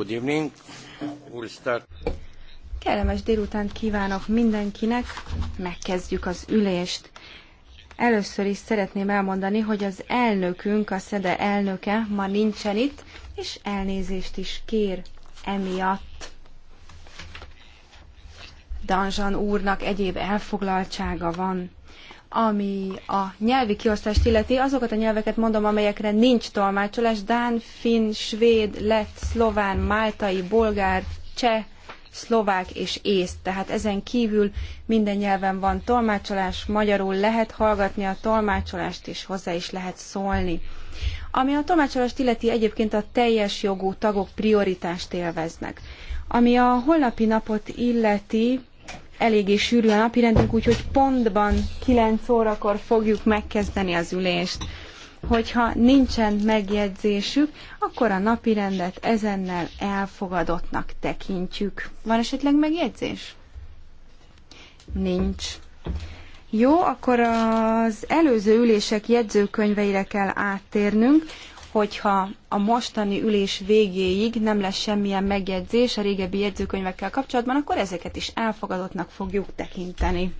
Good evening. We'll start. Kellemes délutánt kívánok mindenkinek, megkezdjük az ülést. Először is szeretném elmondani, hogy az elnökünk, a SZEDE elnöke ma nincsen itt, és elnézést is kér emiatt. Danzsan úrnak egyéb elfoglaltsága van. Ami a nyelvi kiosztást illeti, azokat a nyelveket mondom, amelyekre nincs tolmácsolás, Dán, Finn, Svéd, Lett, Szlován, Máltai, Bolgár, Cseh, szlovák és észt. Tehát ezen kívül minden nyelven van tolmácsolás, magyarul lehet hallgatni a tolmácsolást, és hozzá is lehet szólni. Ami a tolmácsolást illeti, egyébként a teljes jogú tagok prioritást élveznek. Ami a holnapi napot illeti, eléggé sűrű a napirendünk, úgyhogy pontban 9 órakor fogjuk megkezdeni az ülést. Hogyha nincsen megjegyzésük, akkor a napirendet ezennel elfogadottnak tekintjük. Van esetleg megjegyzés? Nincs. Jó, akkor az előző ülések jegyzőkönyveire kell áttérnünk hogyha a mostani ülés végéig nem lesz semmilyen megjegyzés a régebbi jegyzőkönyvekkel kapcsolatban, akkor ezeket is elfogadottnak fogjuk tekinteni.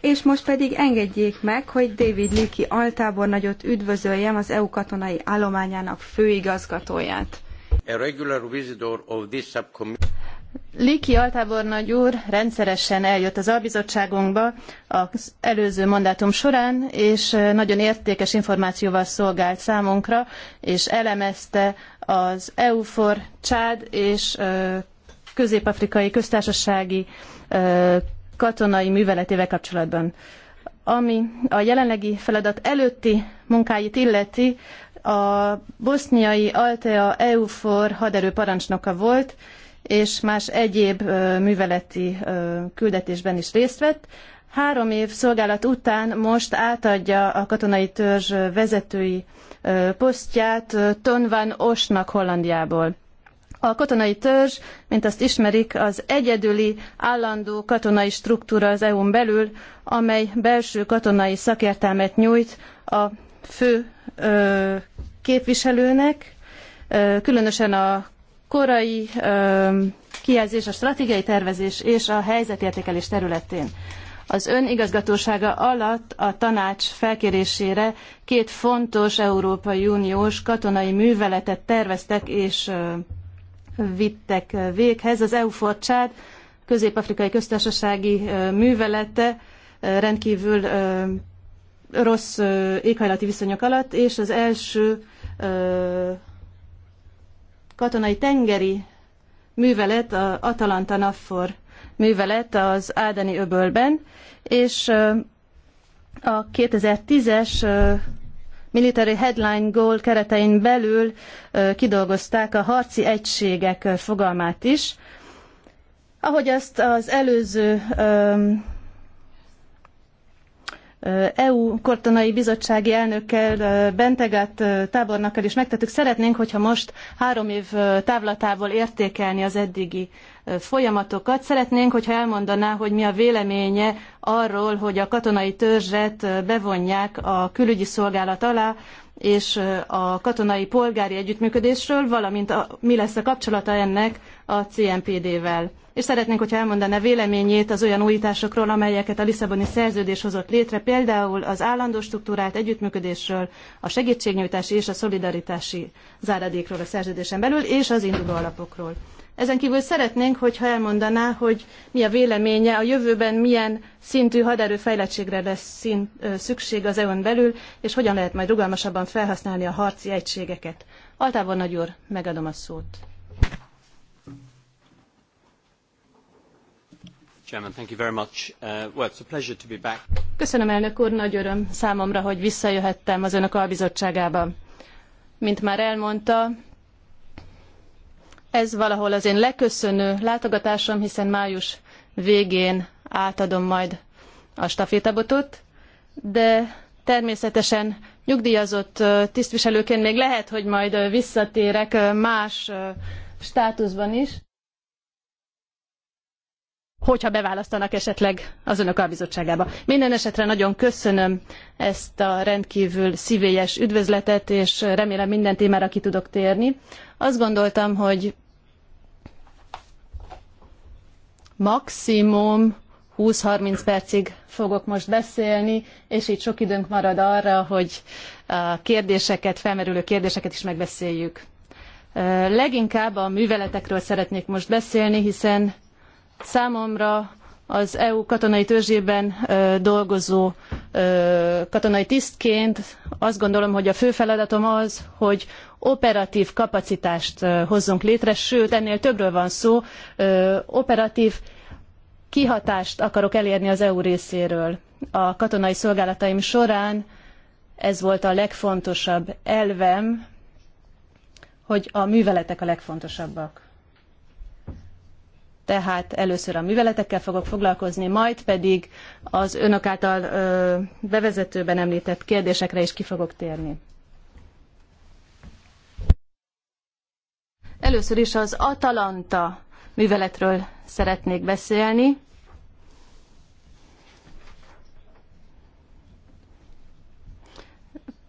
És most pedig engedjék meg, hogy David Liki altábornagyot üdvözöljem az EU katonai állományának főigazgatóját a Liki Altábornagy úr rendszeresen eljött az albizottságunkba az előző mandátum során, és nagyon értékes információval szolgált számunkra, és elemezte az EUFOR, Csád és Közép-Afrikai Köztársasági katonai műveletével kapcsolatban. Ami a jelenlegi feladat előtti munkáit illeti, a boszniai Altea EUFOR haderő parancsnoka volt, és más egyéb műveleti küldetésben is részt vett. Három év szolgálat után most átadja a katonai törzs vezetői posztját Tonvan Osnak Hollandiából. A katonai törzs, mint azt ismerik, az egyedüli állandó katonai struktúra az EU-n belül, amely belső katonai szakértelmet nyújt a fő képviselőnek, különösen a korai kijelzés, a stratégiai tervezés és a helyzetértékelés területén. Az ön igazgatósága alatt a tanács felkérésére két fontos Európai Uniós katonai műveletet terveztek és vittek véghez. Az EUFOR Csád közép-afrikai köztársasági művelete rendkívül rossz éghajlati viszonyok alatt, és az első katonai tengeri művelet, a Atalanta Naffor művelet az Ádani öbölben, és a 2010-es Military Headline Goal keretein belül kidolgozták a harci egységek fogalmát is. Ahogy azt az előző EU kortonai bizottsági elnökkel, Bentegát tábornokkal is megtettük. Szeretnénk, hogyha most három év távlatából értékelni az eddigi folyamatokat. Szeretnénk, hogyha elmondaná, hogy mi a véleménye arról, hogy a katonai törzset bevonják a külügyi szolgálat alá, és a katonai polgári együttműködésről, valamint a, mi lesz a kapcsolata ennek a CNPD-vel. És szeretnénk, hogyha elmondaná véleményét az olyan újításokról, amelyeket a Lisszaboni szerződés hozott létre, például az állandó struktúrát együttműködésről, a segítségnyújtási és a szolidaritási záradékról a szerződésen belül, és az induló alapokról. Ezen kívül szeretnénk, hogyha elmondaná, hogy mi a véleménye, a jövőben milyen szintű haderőfejlettségre lesz ö, szükség az EU-n belül, és hogyan lehet majd rugalmasabban felhasználni a harci egységeket. Altávon Nagy úr, megadom a szót. Uh, Köszönöm, elnök úr, nagy öröm számomra, hogy visszajöhettem az önök albizottságába. Mint már elmondta, ez valahol az én leköszönő látogatásom, hiszen május végén átadom majd a stafétabotot, de természetesen nyugdíjazott tisztviselőként még lehet, hogy majd visszatérek más státuszban is hogyha beválasztanak esetleg az önök albizottságába. Minden esetre nagyon köszönöm ezt a rendkívül szívélyes üdvözletet, és remélem minden témára ki tudok térni. Azt gondoltam, hogy maximum 20-30 percig fogok most beszélni, és így sok időnk marad arra, hogy a kérdéseket, felmerülő kérdéseket is megbeszéljük. Leginkább a műveletekről szeretnék most beszélni, hiszen Számomra az EU katonai törzsében dolgozó katonai tisztként azt gondolom, hogy a fő feladatom az, hogy operatív kapacitást hozzunk létre, sőt, ennél többről van szó, operatív kihatást akarok elérni az EU részéről. A katonai szolgálataim során ez volt a legfontosabb elvem, hogy a műveletek a legfontosabbak tehát először a műveletekkel fogok foglalkozni, majd pedig az önök által ö, bevezetőben említett kérdésekre is ki fogok térni. Először is az Atalanta műveletről szeretnék beszélni.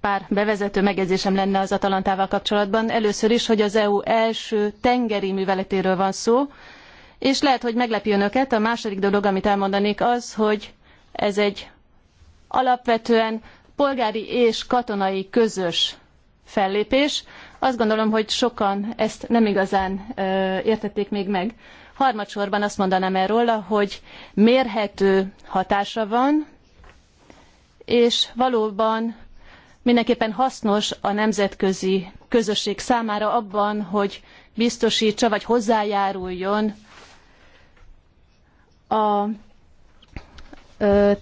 Pár bevezető megjegyzésem lenne az Atalantával kapcsolatban. Először is, hogy az EU első tengeri műveletéről van szó, és lehet, hogy meglepi önöket, a második dolog, amit elmondanék az, hogy ez egy alapvetően polgári és katonai közös fellépés. Azt gondolom, hogy sokan ezt nem igazán ö, értették még meg. Harmadsorban azt mondanám erről, hogy mérhető hatása van, és valóban mindenképpen hasznos a nemzetközi közösség számára abban, hogy biztosítsa vagy hozzájáruljon a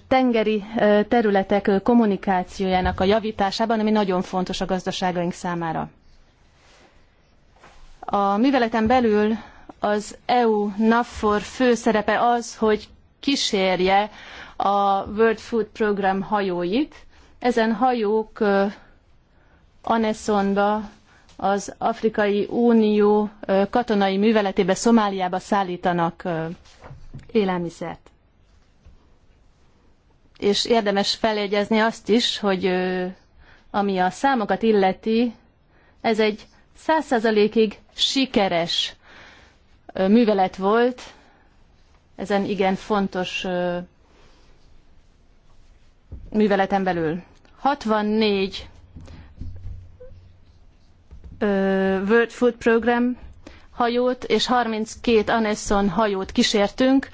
tengeri területek kommunikációjának a javításában, ami nagyon fontos a gazdaságaink számára. A műveleten belül az EU NAFOR fő szerepe az, hogy kísérje a World Food Program hajóit. Ezen hajók Anessonba, az Afrikai Unió katonai műveletébe, Szomáliába szállítanak élelmiszert. És érdemes feljegyezni azt is, hogy ami a számokat illeti, ez egy százszerzalékig sikeres művelet volt, ezen igen fontos műveleten belül. 64 World Food Program hajót és 32 Anesson hajót kísértünk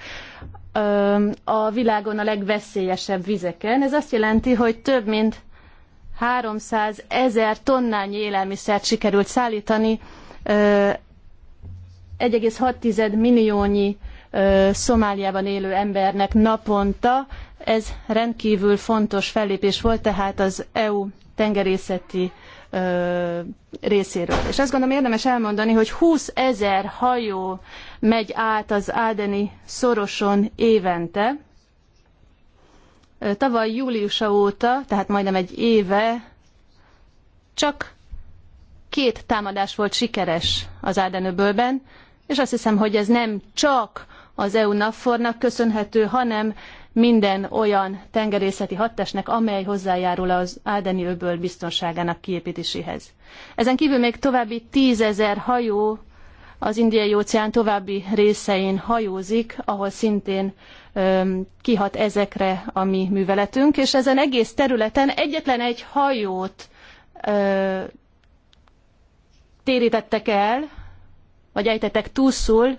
a világon a legveszélyesebb vizeken. Ez azt jelenti, hogy több mint 300 ezer tonnányi élelmiszert sikerült szállítani, 1,6 milliónyi Szomáliában élő embernek naponta. Ez rendkívül fontos fellépés volt, tehát az EU tengerészeti ö, részéről. És azt gondolom érdemes elmondani, hogy 20 ezer hajó megy át az Ádeni szoroson évente. Tavaly júliusa óta, tehát majdnem egy éve, csak két támadás volt sikeres az Ádenöbölben, és azt hiszem, hogy ez nem csak az eu nak köszönhető, hanem minden olyan tengerészeti hadtestnek, amely hozzájárul az Áldeni öböl biztonságának kiépítéséhez. Ezen kívül még további tízezer hajó az indiai óceán további részein hajózik, ahol szintén öm, kihat ezekre a mi műveletünk, és ezen egész területen egyetlen egy hajót ö, térítettek el, vagy ejtettek túszul,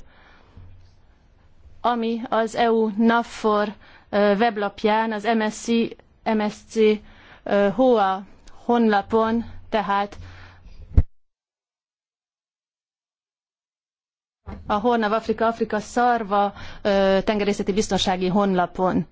ami az EU NAFOR weblapján, az MSC, MSC HOA honlapon, tehát a Hornav Afrika Afrika szarva tengerészeti biztonsági honlapon.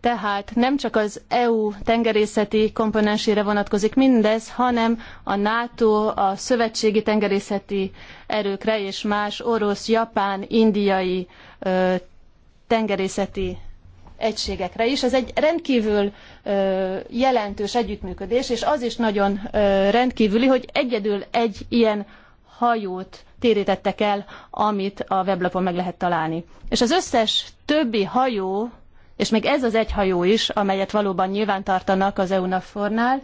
Tehát nem csak az EU tengerészeti komponensére vonatkozik mindez, hanem a NATO, a szövetségi tengerészeti erőkre és más orosz, japán, indiai tengerészeti egységekre is. Ez egy rendkívül jelentős együttműködés, és az is nagyon rendkívüli, hogy egyedül egy ilyen hajót térítettek el, amit a weblapon meg lehet találni. És az összes többi hajó, és még ez az egy hajó is, amelyet valóban nyilvántartanak az EUNAFOR-nál,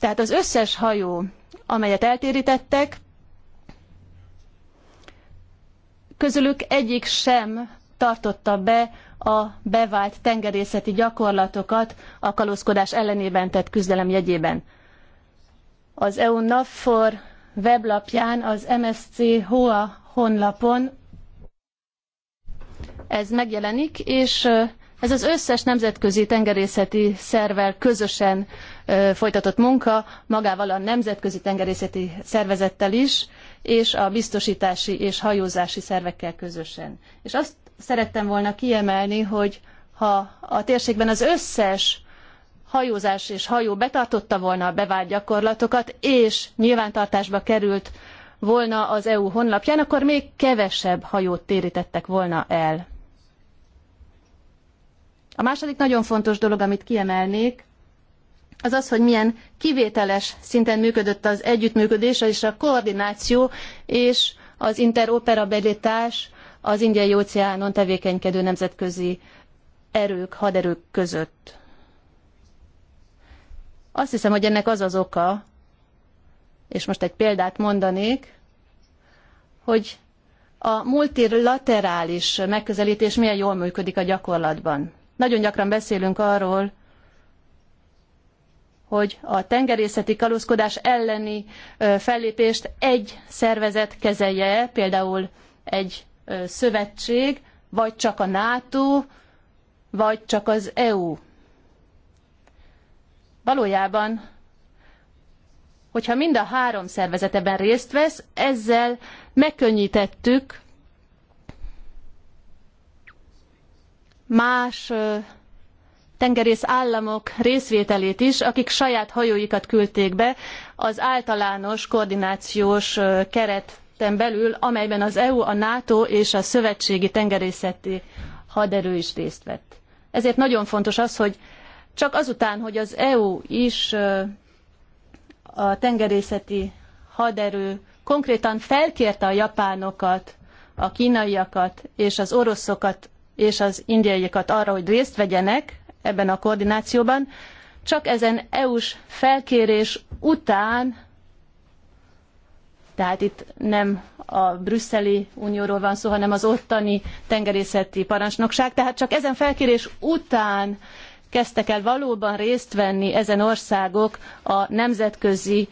tehát az összes hajó, amelyet eltérítettek, közülük egyik sem tartotta be a bevált tengerészeti gyakorlatokat a kalózkodás ellenében tett küzdelem jegyében. Az EU NAFOR weblapján, az MSC HOA honlapon ez megjelenik, és ez az összes nemzetközi tengerészeti szervvel közösen folytatott munka, magával a Nemzetközi Tengerészeti Szervezettel is, és a biztosítási és hajózási szervekkel közösen. És azt szerettem volna kiemelni, hogy ha a térségben az összes hajózás és hajó betartotta volna a bevált gyakorlatokat, és nyilvántartásba került volna az EU honlapján, akkor még kevesebb hajót térítettek volna el. A második nagyon fontos dolog, amit kiemelnék, az az, hogy milyen kivételes szinten működött az együttműködés és a koordináció és az interoperabilitás az indiai óceánon tevékenykedő nemzetközi erők, haderők között. Azt hiszem, hogy ennek az az oka, és most egy példát mondanék, hogy a multilaterális megközelítés milyen jól működik a gyakorlatban. Nagyon gyakran beszélünk arról, hogy a tengerészeti kalózkodás elleni fellépést egy szervezet kezelje, például egy szövetség, vagy csak a NATO, vagy csak az EU. Valójában, hogyha mind a három szervezeteben részt vesz, ezzel megkönnyítettük más tengerész államok részvételét is, akik saját hajóikat küldték be az általános koordinációs keret területen belül, amelyben az EU, a NATO és a Szövetségi Tengerészeti Haderő is részt vett. Ezért nagyon fontos az, hogy csak azután, hogy az EU is a tengerészeti haderő konkrétan felkérte a japánokat, a kínaiakat és az oroszokat és az indiaiakat arra, hogy részt vegyenek ebben a koordinációban, csak ezen EU-s felkérés után tehát itt nem a brüsszeli unióról van szó, hanem az ottani tengerészeti parancsnokság. Tehát csak ezen felkérés után kezdtek el valóban részt venni ezen országok a nemzetközi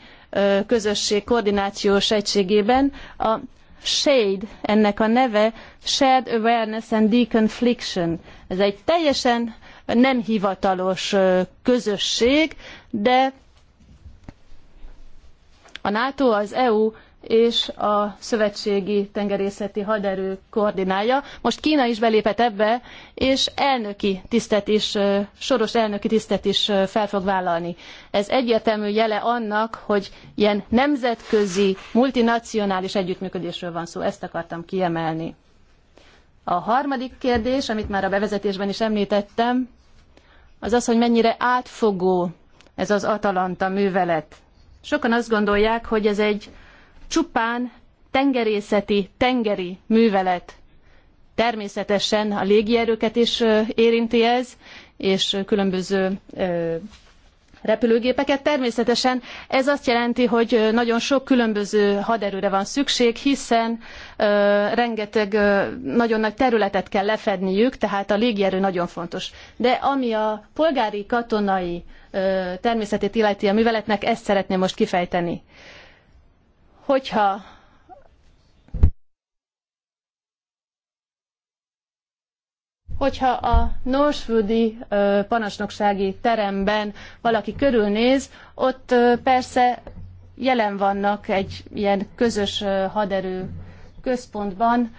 közösség koordinációs egységében. A SHADE, ennek a neve Shared Awareness and Deconfliction. Ez egy teljesen nem hivatalos közösség, de a NATO, az EU és a Szövetségi Tengerészeti Haderő koordinálja. Most Kína is belépett ebbe, és elnöki tisztet is, soros elnöki tisztet is fel fog vállalni. Ez egyértelmű jele annak, hogy ilyen nemzetközi, multinacionális együttműködésről van szó. Ezt akartam kiemelni. A harmadik kérdés, amit már a bevezetésben is említettem, az az, hogy mennyire átfogó ez az Atalanta művelet. Sokan azt gondolják, hogy ez egy csupán tengerészeti, tengeri művelet. Természetesen a légierőket is érinti ez, és különböző repülőgépeket. Természetesen ez azt jelenti, hogy nagyon sok különböző haderőre van szükség, hiszen rengeteg nagyon nagy területet kell lefedniük, tehát a légierő nagyon fontos. De ami a polgári katonai természetét illeti a műveletnek, ezt szeretném most kifejteni hogyha hogyha a Norsvudi panasnoksági teremben valaki körülnéz, ott persze jelen vannak egy ilyen közös haderő központban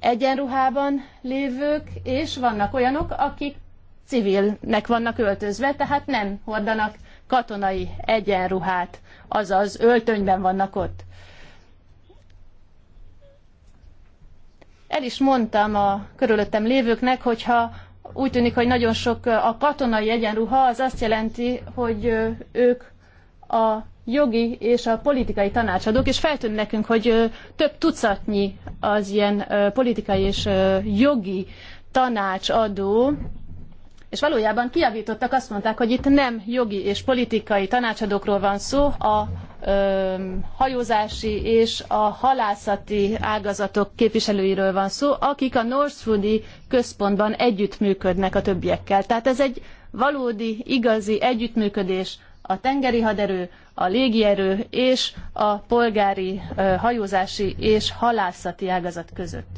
egyenruhában lévők, és vannak olyanok, akik civilnek vannak öltözve, tehát nem hordanak katonai egyenruhát, azaz öltönyben vannak ott. El is mondtam a körülöttem lévőknek, hogyha úgy tűnik, hogy nagyon sok a katonai egyenruha, az azt jelenti, hogy ők a jogi és a politikai tanácsadók, és feltűnt nekünk, hogy több tucatnyi az ilyen politikai és jogi tanácsadó, és valójában kiavítottak, azt mondták, hogy itt nem jogi és politikai tanácsadókról van szó, a ö, hajózási és a halászati ágazatok képviselőiről van szó, akik a Northwoodi központban együttműködnek a többiekkel. Tehát ez egy valódi, igazi együttműködés a tengeri haderő, a légierő és a polgári ö, hajózási és halászati ágazat között.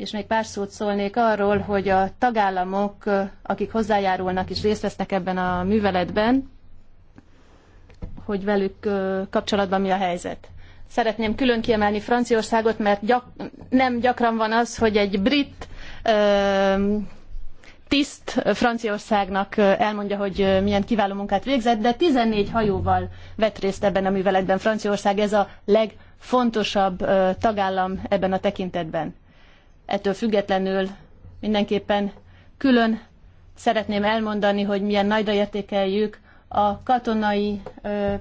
és még pár szót szólnék arról, hogy a tagállamok, akik hozzájárulnak és részt vesznek ebben a műveletben, hogy velük kapcsolatban mi a helyzet. Szeretném külön kiemelni Franciaországot, mert gyak, nem gyakran van az, hogy egy brit ö, tiszt Franciaországnak elmondja, hogy milyen kiváló munkát végzett, de 14 hajóval vett részt ebben a műveletben Franciaország. Ez a legfontosabb tagállam ebben a tekintetben. Ettől függetlenül mindenképpen külön szeretném elmondani, hogy milyen nagyra értékeljük a katonai ö,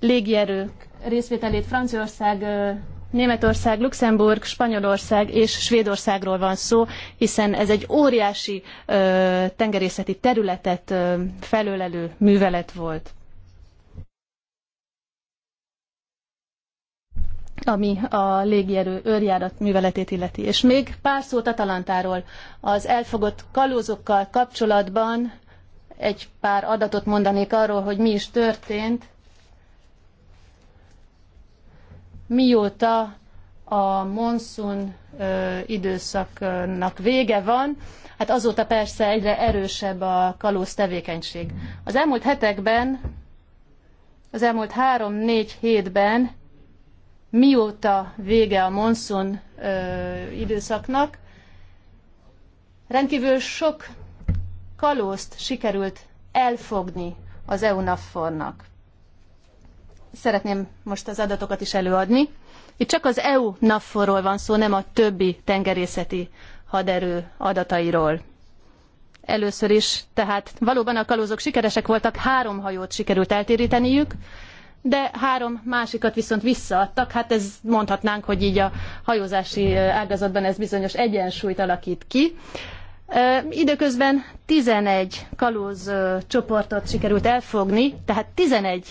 légierők részvételét Franciaország, ö, Németország, Luxemburg, Spanyolország és Svédországról van szó, hiszen ez egy óriási ö, tengerészeti területet ö, felölelő művelet volt. ami a légierő őrjárat műveletét illeti. És még pár szót Atalantáról. Az elfogott kalózokkal kapcsolatban egy pár adatot mondanék arról, hogy mi is történt, mióta a monszun időszaknak vége van, hát azóta persze egyre erősebb a kalóz tevékenység. Az elmúlt hetekben, az elmúlt három-négy hétben mióta vége a monszun időszaknak, rendkívül sok kalózt sikerült elfogni az EU-NAFOR-nak. Szeretném most az adatokat is előadni. Itt csak az EU-NAFOR-ról van szó, nem a többi tengerészeti haderő adatairól. Először is, tehát valóban a kalózok sikeresek voltak, három hajót sikerült eltéríteniük, de három másikat viszont visszaadtak. Hát ez mondhatnánk, hogy így a hajózási ágazatban ez bizonyos egyensúlyt alakít ki. Időközben 11 kalóz csoportot sikerült elfogni, tehát 11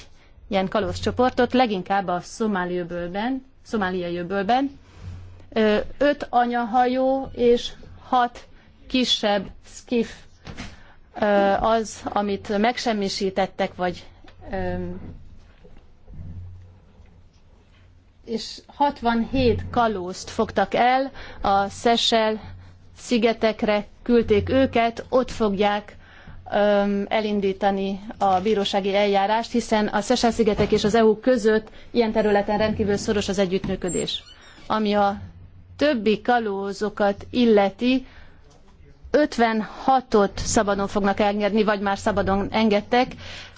ilyen kalóz csoportot, leginkább a szomáli öbölben, szomáliai öbölben. Öt anyahajó és hat kisebb skiff az, amit megsemmisítettek, vagy és 67 kalózt fogtak el a Szesel szigetekre, küldték őket, ott fogják öm, elindítani a bírósági eljárást, hiszen a Szesel szigetek és az EU között ilyen területen rendkívül szoros az együttműködés. Ami a többi kalózokat illeti, 56-ot szabadon fognak elnyerni vagy már szabadon engedtek,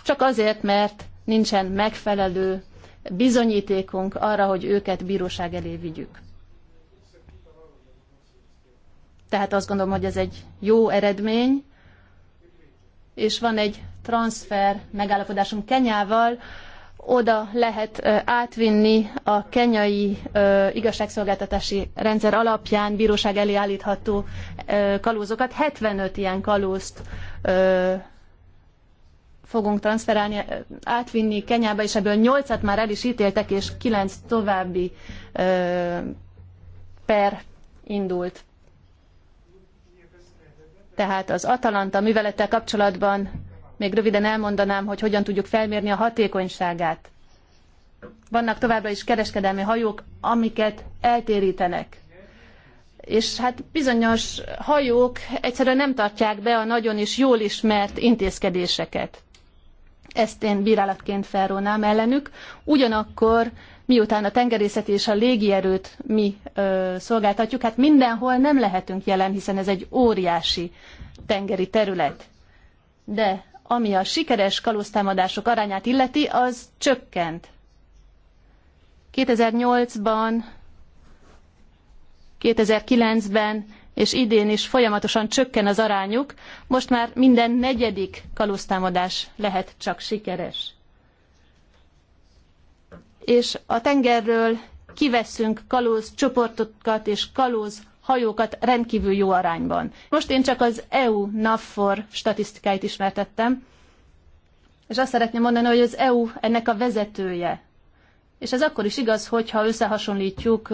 csak azért, mert nincsen megfelelő bizonyítékunk arra, hogy őket bíróság elé vigyük. Tehát azt gondolom, hogy ez egy jó eredmény, és van egy transfer megállapodásunk Kenyával, oda lehet átvinni a kenyai igazságszolgáltatási rendszer alapján bíróság elé állítható kalózokat. 75 ilyen kalózt fogunk transferálni, átvinni Kenyába, és ebből 8-at már el is ítéltek, és 9 további ö, per indult. Tehát az Atalanta művelettel kapcsolatban még röviden elmondanám, hogy hogyan tudjuk felmérni a hatékonyságát. Vannak továbbra is kereskedelmi hajók, amiket eltérítenek és hát bizonyos hajók egyszerűen nem tartják be a nagyon is jól ismert intézkedéseket. Ezt én bírálatként felrónám ellenük. Ugyanakkor, miután a tengerészet és a légierőt mi ö, szolgáltatjuk, hát mindenhol nem lehetünk jelen, hiszen ez egy óriási tengeri terület. De ami a sikeres kalóztámadások arányát illeti, az csökkent. 2008-ban, 2009-ben és idén is folyamatosan csökken az arányuk, most már minden negyedik kalóztámadás lehet csak sikeres. És a tengerről kiveszünk kalóz csoportokat és kalóz hajókat rendkívül jó arányban. Most én csak az EU NAFOR statisztikáit ismertettem, és azt szeretném mondani, hogy az EU ennek a vezetője. És ez akkor is igaz, hogyha összehasonlítjuk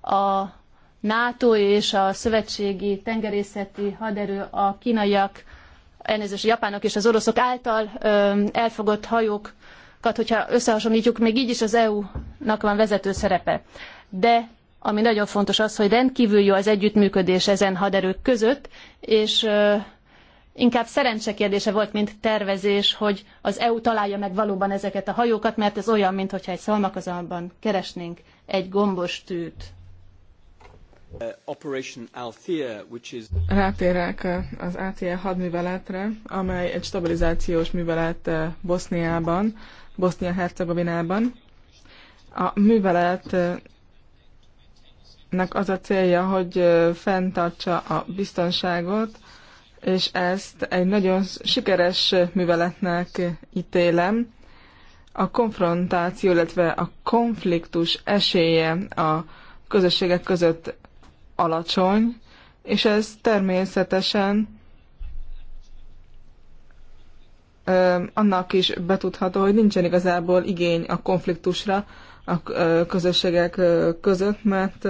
a NATO és a szövetségi tengerészeti haderő a kínaiak, elnézést, a japánok és az oroszok által elfogott hajókat, hogyha összehasonlítjuk, még így is az EU-nak van vezető szerepe. De ami nagyon fontos az, hogy rendkívül jó az együttműködés ezen haderők között, és inkább szerencse kérdése volt, mint tervezés, hogy az EU találja meg valóban ezeket a hajókat, mert ez olyan, mintha egy szalmakazalban keresnénk egy gombos tűt. Uh, Rátérek uh, az ATL hadműveletre, amely egy stabilizációs művelet uh, Boszniában, Bosznia-Hercegovinában. A műveletnek az a célja, hogy fenntartsa a biztonságot, és ezt egy nagyon sikeres műveletnek ítélem. A konfrontáció, illetve a konfliktus esélye a közösségek között alacsony, és ez természetesen annak is betudható, hogy nincsen igazából igény a konfliktusra a közösségek között, mert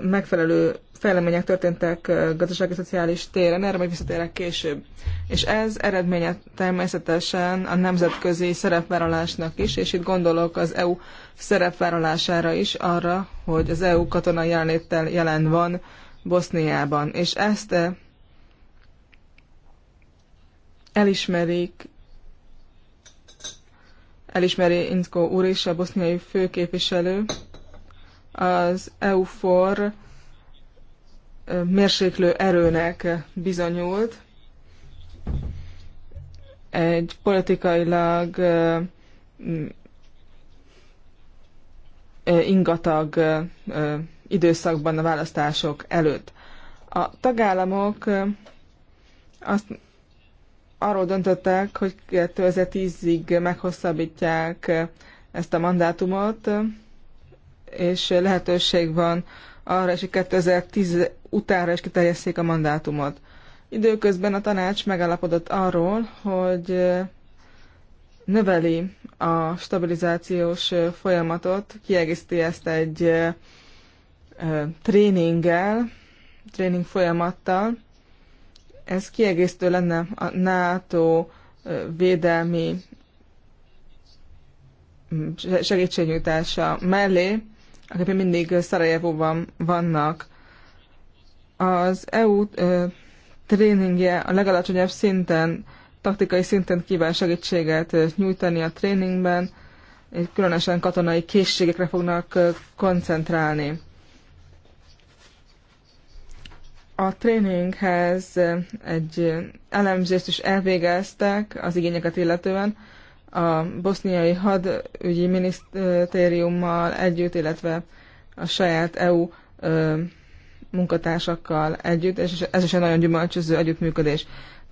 megfelelő fejlemények történtek gazdasági szociális téren, erre majd visszatérek később. És ez eredménye természetesen a nemzetközi szerepvállalásnak is, és itt gondolok az EU szerepvállalására is, arra, hogy az EU katonai jelenléttel jelen van Boszniában. És ezt elismerik elismeri Inzko úr is, a boszniai főképviselő, az EUFOR mérséklő erőnek bizonyult. Egy politikailag ingatag időszakban a választások előtt. A tagállamok azt arról döntöttek, hogy 2010-ig meghosszabbítják ezt a mandátumot, és lehetőség van arra is, hogy 2010 utánra is kiterjesszék a mandátumot. Időközben a tanács megállapodott arról, hogy növeli a stabilizációs folyamatot, kiegészíti ezt egy tréninggel, tréning folyamattal. Ez kiegészítő lenne a NATO védelmi segítségnyújtása mellé, akik még mindig Szarajevóban vannak. Az EU tréningje a legalacsonyabb szinten, taktikai szinten kíván segítséget nyújtani a tréningben, és különösen katonai készségekre fognak koncentrálni. A tréninghez egy elemzést is elvégeztek az igényeket illetően, a boszniai hadügyi minisztériummal együtt, illetve a saját EU munkatársakkal együtt, és ez is egy nagyon gyümölcsöző együttműködés.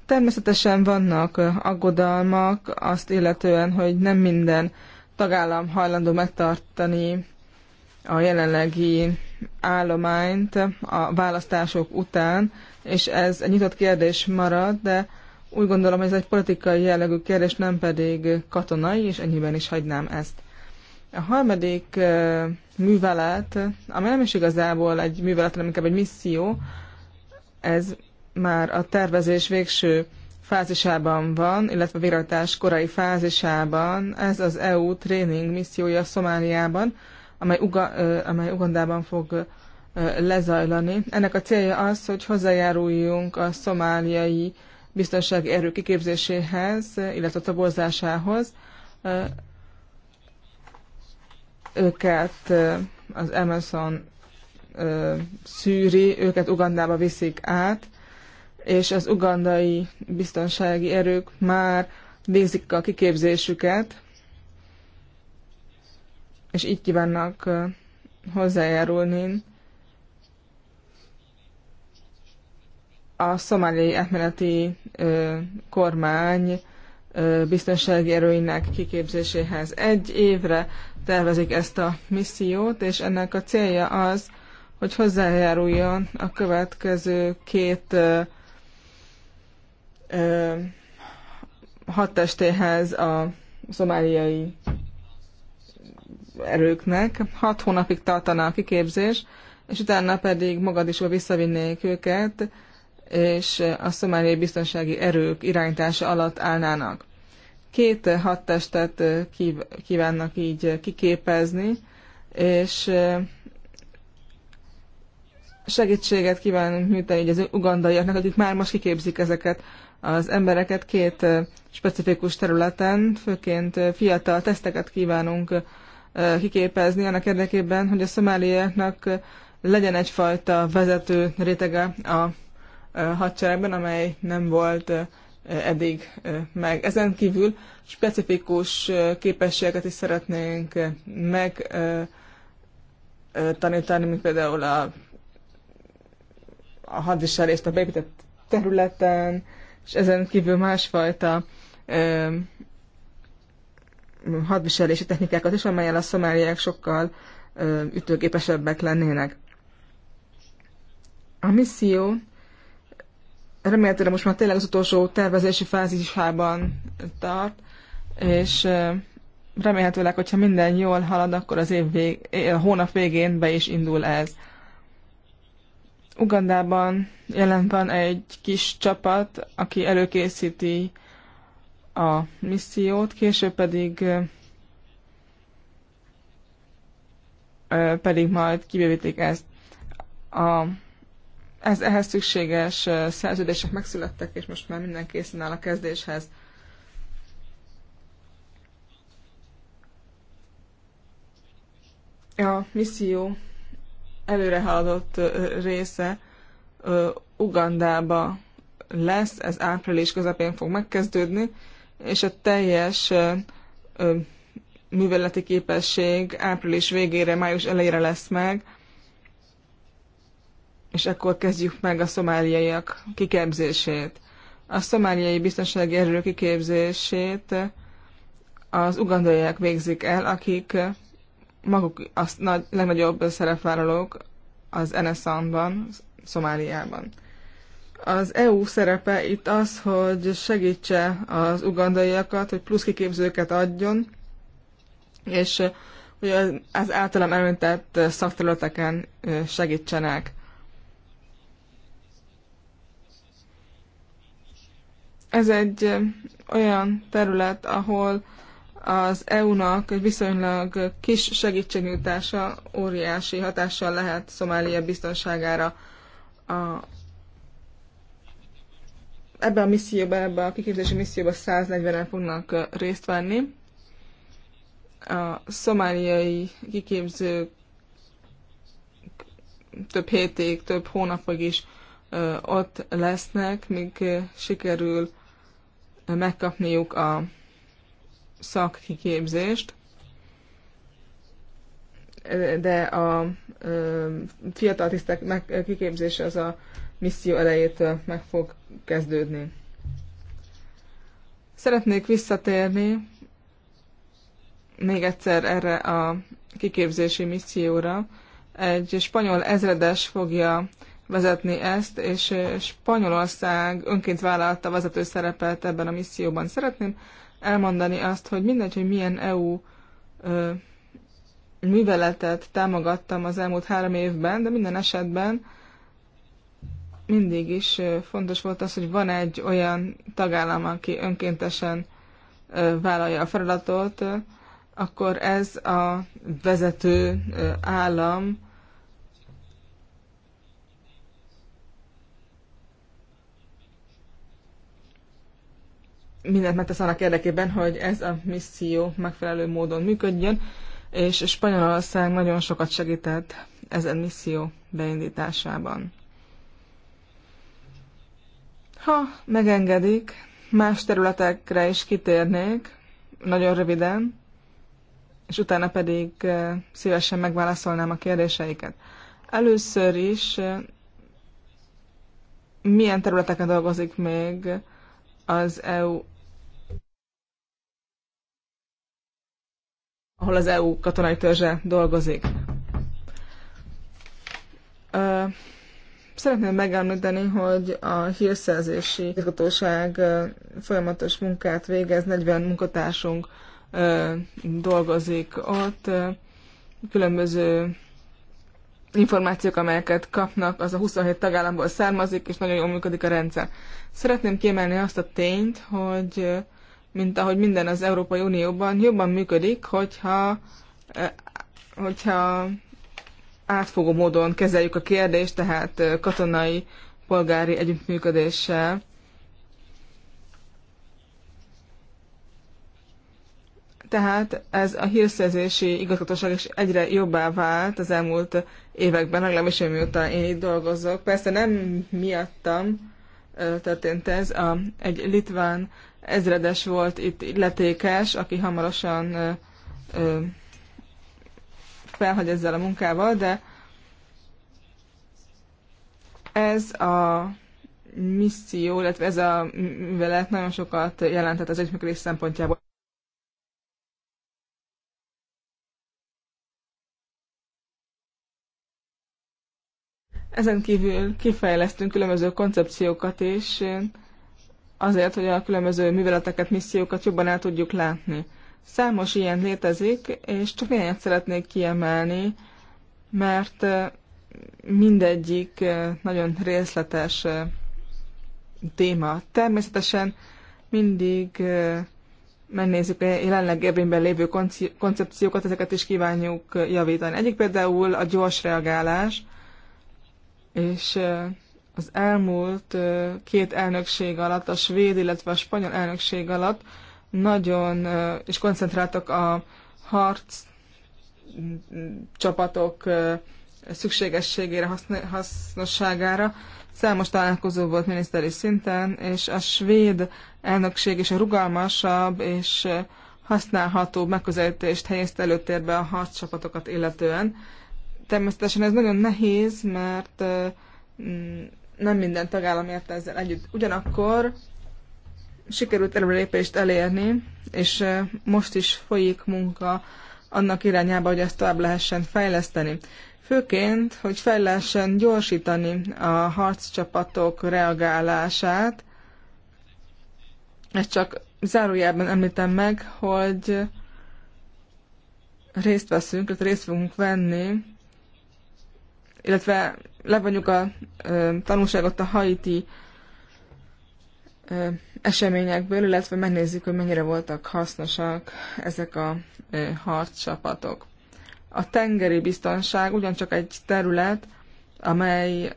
Természetesen vannak aggodalmak azt illetően, hogy nem minden tagállam hajlandó megtartani a jelenlegi állományt a választások után, és ez egy nyitott kérdés marad, de úgy gondolom, hogy ez egy politikai jellegű kérdés, nem pedig katonai, és ennyiben is hagynám ezt. A harmadik művelet, ami nem is igazából egy művelet, hanem inkább egy misszió, ez már a tervezés végső fázisában van, illetve végrehajtás korai fázisában. Ez az EU tréning missziója Szomáliában, amely, Uga, amely Ugandában fog lezajlani. Ennek a célja az, hogy hozzájáruljunk a szomáliai biztonsági erő kiképzéséhez, illetve toborzásához. Őket az Amazon szűri, őket Ugandába viszik át, és az ugandai biztonsági erők már nézik a kiképzésüket, és így kívánnak hozzájárulni a szomáliai átmeneti ö, kormány ö, biztonsági erőinek kiképzéséhez. Egy évre tervezik ezt a missziót, és ennek a célja az, hogy hozzájáruljon a következő két ö, ö, hadtestéhez a szomáliai erőknek. Hat hónapig tartana a kiképzés, és utána pedig is visszavinnék őket, és a szomáliai biztonsági erők irányítása alatt állnának. Két hadtestet kívánnak így kiképezni, és segítséget kívánunk nyújtani az ugandaiaknak, akik már most kiképzik ezeket az embereket két specifikus területen, főként fiatal teszteket kívánunk kiképezni annak érdekében, hogy a szomáliaknak legyen egyfajta vezető rétege a hadseregben, amely nem volt eddig meg. Ezen kívül specifikus képességeket is szeretnénk meg tanítani, mint például a, a hadviselést a beépített területen, és ezen kívül másfajta hadviselési technikákat is, amelyel a szomáliák sokkal ütőképesebbek lennének. A misszió remélhetőleg most már tényleg az utolsó tervezési fázisában tart, és remélhetőleg, hogyha minden jól halad, akkor az év vég, a hónap végén be is indul ez. Ugandában jelen van egy kis csapat, aki előkészíti a missziót, később pedig pedig majd kibővítik ezt. A ez, ehhez szükséges szerződések megszülettek, és most már minden készen áll a kezdéshez. A misszió előrehaladott része Ugandába lesz, ez április közepén fog megkezdődni, és a teljes műveleti képesség április végére, május elejére lesz meg, és akkor kezdjük meg a szomáliaiak kiképzését. A szomáliai biztonsági erő kiképzését az ugandaiak végzik el, akik maguk a nagy, legnagyobb szerepvállalók az NSZ-ban, Szomáliában. Az EU szerepe itt az, hogy segítse az ugandaiakat, hogy plusz kiképzőket adjon, és hogy az általam említett szakterületeken segítsenek. Ez egy olyan terület, ahol az EU-nak egy viszonylag kis segítségnyújtása óriási hatással lehet Szomália biztonságára. A, ebbe a misszióba, ebbe a kiképzési misszióba 140-en fognak részt venni. A szomáliai kiképzők több hétig, több hónapig is ott lesznek, míg sikerül megkapniuk a szakkiképzést, de a fiatal tisztek kiképzése az a misszió elejétől meg fog kezdődni. Szeretnék visszatérni még egyszer erre a kiképzési misszióra. Egy spanyol ezredes fogja vezetni ezt, és eh, Spanyolország önként vállalta vezető szerepet ebben a misszióban. Szeretném elmondani azt, hogy mindegy, hogy milyen EU ö, műveletet támogattam az elmúlt három évben, de minden esetben mindig is fontos volt az, hogy van egy olyan tagállam, aki önkéntesen vállalja a feladatot, akkor ez a vezető állam mindent megtesz annak érdekében, hogy ez a misszió megfelelő módon működjön, és Spanyolország nagyon sokat segített ezen misszió beindításában. Ha megengedik, más területekre is kitérnék, nagyon röviden, és utána pedig eh, szívesen megválaszolnám a kérdéseiket. Először is, eh, milyen területeken dolgozik még az EU ahol az EU katonai törzse dolgozik. Ö, szeretném megemlíteni, hogy a hírszerzési igazgatóság folyamatos munkát végez, 40 munkatársunk ö, dolgozik ott, ö, különböző információk, amelyeket kapnak, az a 27 tagállamból származik, és nagyon jól működik a rendszer. Szeretném kiemelni azt a tényt, hogy mint ahogy minden az Európai Unióban, jobban működik, hogyha, hogyha átfogó módon kezeljük a kérdést, tehát katonai, polgári együttműködéssel. Tehát ez a hírszerzési igazgatóság is egyre jobbá vált az elmúlt években, legalábbis én miután én itt dolgozok. Persze nem miattam történt ez. A, egy litván ezredes volt itt illetékes, aki hamarosan ö, ö, felhagy ezzel a munkával, de ez a misszió, illetve ez a művelet nagyon sokat jelentett az együttműködés szempontjából. Ezen kívül kifejlesztünk különböző koncepciókat is, azért, hogy a különböző műveleteket, missziókat jobban el tudjuk látni. Számos ilyen létezik, és csak néhányat szeretnék kiemelni, mert eh, mindegyik eh, nagyon részletes eh, téma. Természetesen mindig megnézzük a jelenleg érvényben lévő koncepciókat, ezeket is kívánjuk javítani. Egyik például a gyors reagálás, és az elmúlt két elnökség alatt, a svéd, illetve a spanyol elnökség alatt nagyon, és koncentráltak a harc csapatok szükségességére, hasznosságára. Számos találkozó volt miniszteri szinten, és a svéd elnökség is a rugalmasabb és használható megközelítést helyezte előtérbe a harccsapatokat illetően Természetesen ez nagyon nehéz, mert mm, nem minden tagállam érte ezzel együtt. Ugyanakkor sikerült előrelépést elérni, és most is folyik munka annak irányába, hogy ezt tovább lehessen fejleszteni. Főként, hogy fel lehessen gyorsítani a harccsapatok reagálását. Ezt csak zárójelben említem meg, hogy részt veszünk, tehát részt fogunk venni illetve levonjuk a ö, tanulságot a haiti ö, eseményekből, illetve megnézzük, hogy mennyire voltak hasznosak ezek a ö, harccsapatok. A tengeri biztonság ugyancsak egy terület, amely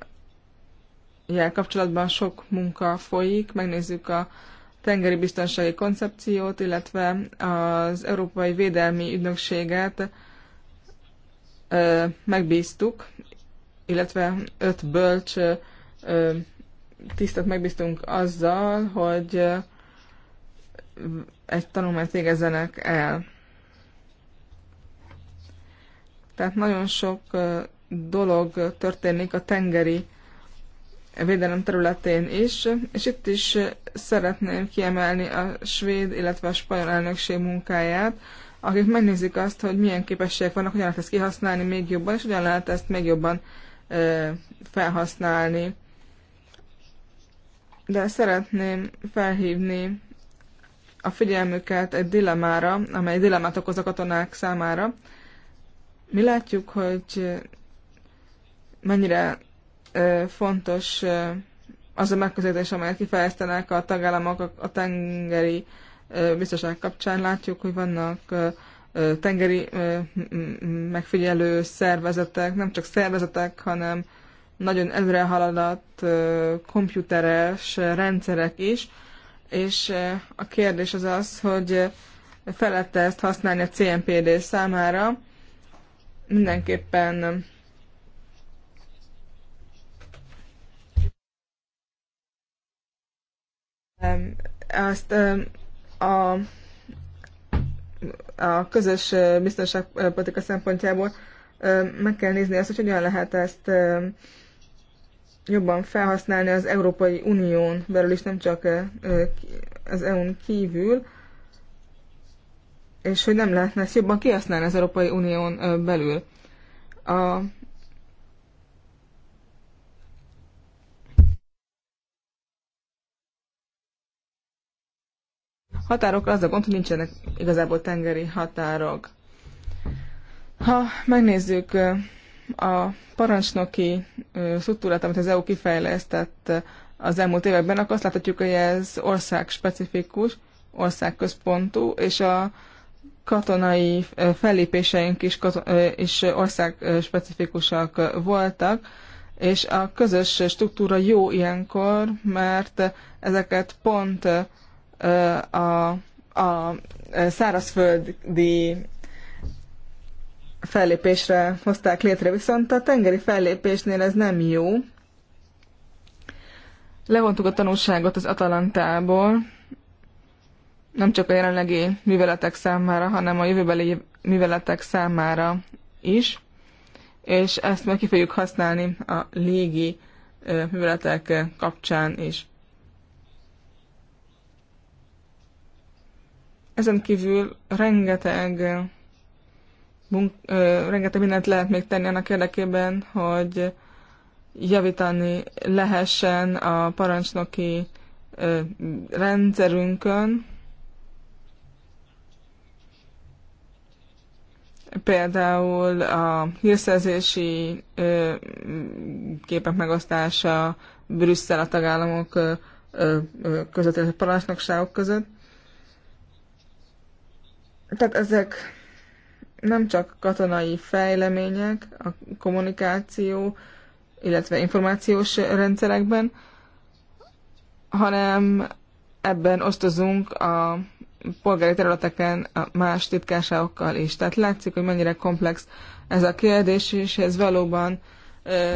ilyen kapcsolatban sok munka folyik. Megnézzük a tengeri biztonsági koncepciót, illetve az Európai Védelmi Ügynökséget megbíztuk, illetve öt bölcs tisztet megbíztunk azzal, hogy egy tanulmányt végezzenek el. Tehát nagyon sok dolog történik a tengeri védelem területén is, és itt is szeretném kiemelni a svéd, illetve a spanyol elnökség munkáját, akik megnézik azt, hogy milyen képességek vannak, hogyan lehet ezt kihasználni még jobban, és hogyan lehet ezt még jobban felhasználni. De szeretném felhívni a figyelmüket egy dilemára, amely dilemmát okoz a katonák számára. Mi látjuk, hogy mennyire fontos az a megközelítés, amelyet kifejeztenek a tagállamok a tengeri biztonság kapcsán. Látjuk, hogy vannak tengeri megfigyelő szervezetek, nem csak szervezetek, hanem nagyon haladott komputeres rendszerek is, és a kérdés az az, hogy felette ezt használni a CNPD számára. Mindenképpen ezt a a közös biztonságpolitika szempontjából meg kell nézni azt, hogy hogyan lehet ezt jobban felhasználni az Európai Unión belül is, nem csak az EU-n kívül, és hogy nem lehetne ezt jobban kihasználni az Európai Unión belül. A határokra, az a gond, hogy nincsenek igazából tengeri határok. Ha megnézzük a parancsnoki struktúrát, amit az EU kifejlesztett az elmúlt években, akkor azt láthatjuk, hogy ez ország specifikus, ország központú, és a katonai fellépéseink is, is ország specifikusak voltak, és a közös struktúra jó ilyenkor, mert ezeket pont a, a szárazföldi fellépésre hozták létre, viszont a tengeri fellépésnél ez nem jó. Levontuk a tanulságot az Atalantából, nem csak a jelenlegi műveletek számára, hanem a jövőbeli műveletek számára is, és ezt meg ki fogjuk használni a légi műveletek kapcsán is. Ezen kívül rengeteg, munk, ö, rengeteg mindent lehet még tenni annak érdekében, hogy javítani lehessen a parancsnoki ö, rendszerünkön. Például a hírszerzési ö, képek megosztása Brüsszel a tagállamok ö, ö, között, illetve parancsnokságok között tehát ezek nem csak katonai fejlemények a kommunikáció, illetve információs rendszerekben, hanem ebben osztozunk a polgári területeken a más titkárságokkal is. Tehát látszik, hogy mennyire komplex ez a kérdés, és ez valóban ö,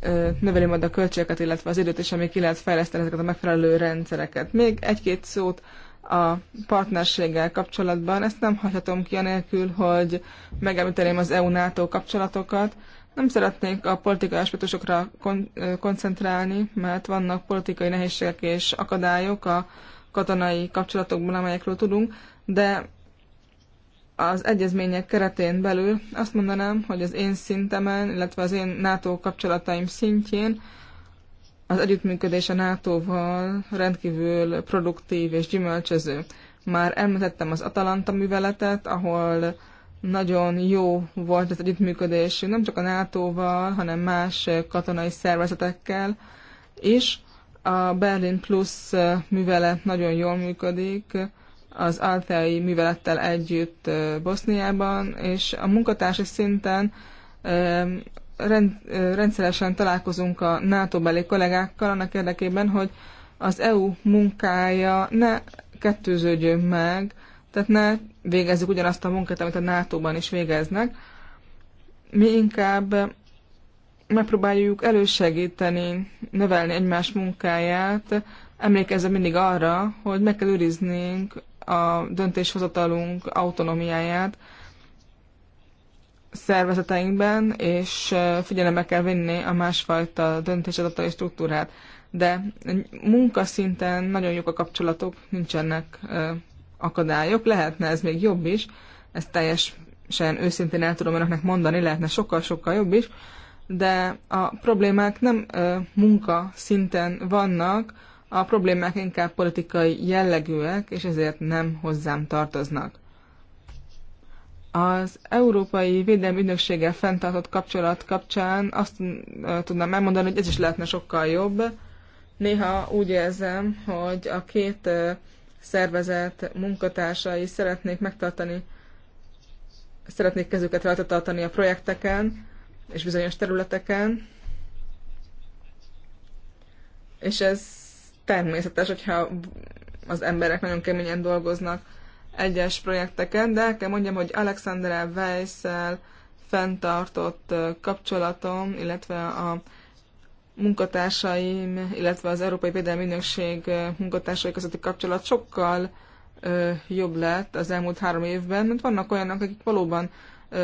ö, növeli majd a költségeket, illetve az időt is, amíg ki lehet fejleszteni ezeket a megfelelő rendszereket. Még egy-két szót a partnerséggel kapcsolatban. Ezt nem hagyhatom ki anélkül, hogy megemlíteném az EU-NATO kapcsolatokat. Nem szeretnék a politikai aspektusokra kon- koncentrálni, mert vannak politikai nehézségek és akadályok a katonai kapcsolatokban, amelyekről tudunk, de az egyezmények keretén belül azt mondanám, hogy az én szintemen, illetve az én NATO kapcsolataim szintjén az együttműködés a NATO-val rendkívül produktív és gyümölcsöző. Már említettem az Atalanta műveletet, ahol nagyon jó volt az együttműködés nem csak a NATO-val, hanem más katonai szervezetekkel is. A Berlin Plus művelet nagyon jól működik, az Altai művelettel együtt Boszniában, és a munkatársi szinten rend, rendszeresen találkozunk a NATO beli kollégákkal annak érdekében, hogy az EU munkája ne kettőződjön meg, tehát ne végezzük ugyanazt a munkát, amit a NATO-ban is végeznek. Mi inkább megpróbáljuk elősegíteni, növelni egymás munkáját, emlékezve mindig arra, hogy meg kell őriznünk a döntéshozatalunk autonomiáját, szervezeteinkben, és figyelembe kell vinni a másfajta döntésadatai struktúrát. De munkaszinten nagyon jók a kapcsolatok, nincsenek akadályok, lehetne ez még jobb is, ez teljesen őszintén el tudom önöknek mondani, lehetne sokkal-sokkal jobb is, de a problémák nem munka szinten vannak, a problémák inkább politikai jellegűek, és ezért nem hozzám tartoznak. Az Európai Védelmi Ügynökséggel fenntartott kapcsolat kapcsán azt tudnám elmondani, hogy ez is lehetne sokkal jobb. Néha úgy érzem, hogy a két szervezet munkatársai szeretnék megtartani, szeretnék kezüket rajta tartani a projekteken és bizonyos területeken, és ez természetes, hogyha az emberek nagyon keményen dolgoznak egyes projekteken, de el kell mondjam, hogy Alexandra Weiss-szel fenntartott kapcsolatom, illetve a munkatársaim, illetve az Európai Védelmi Ügynökség munkatársai közötti kapcsolat sokkal jobb lett az elmúlt három évben, mint vannak olyanok, akik valóban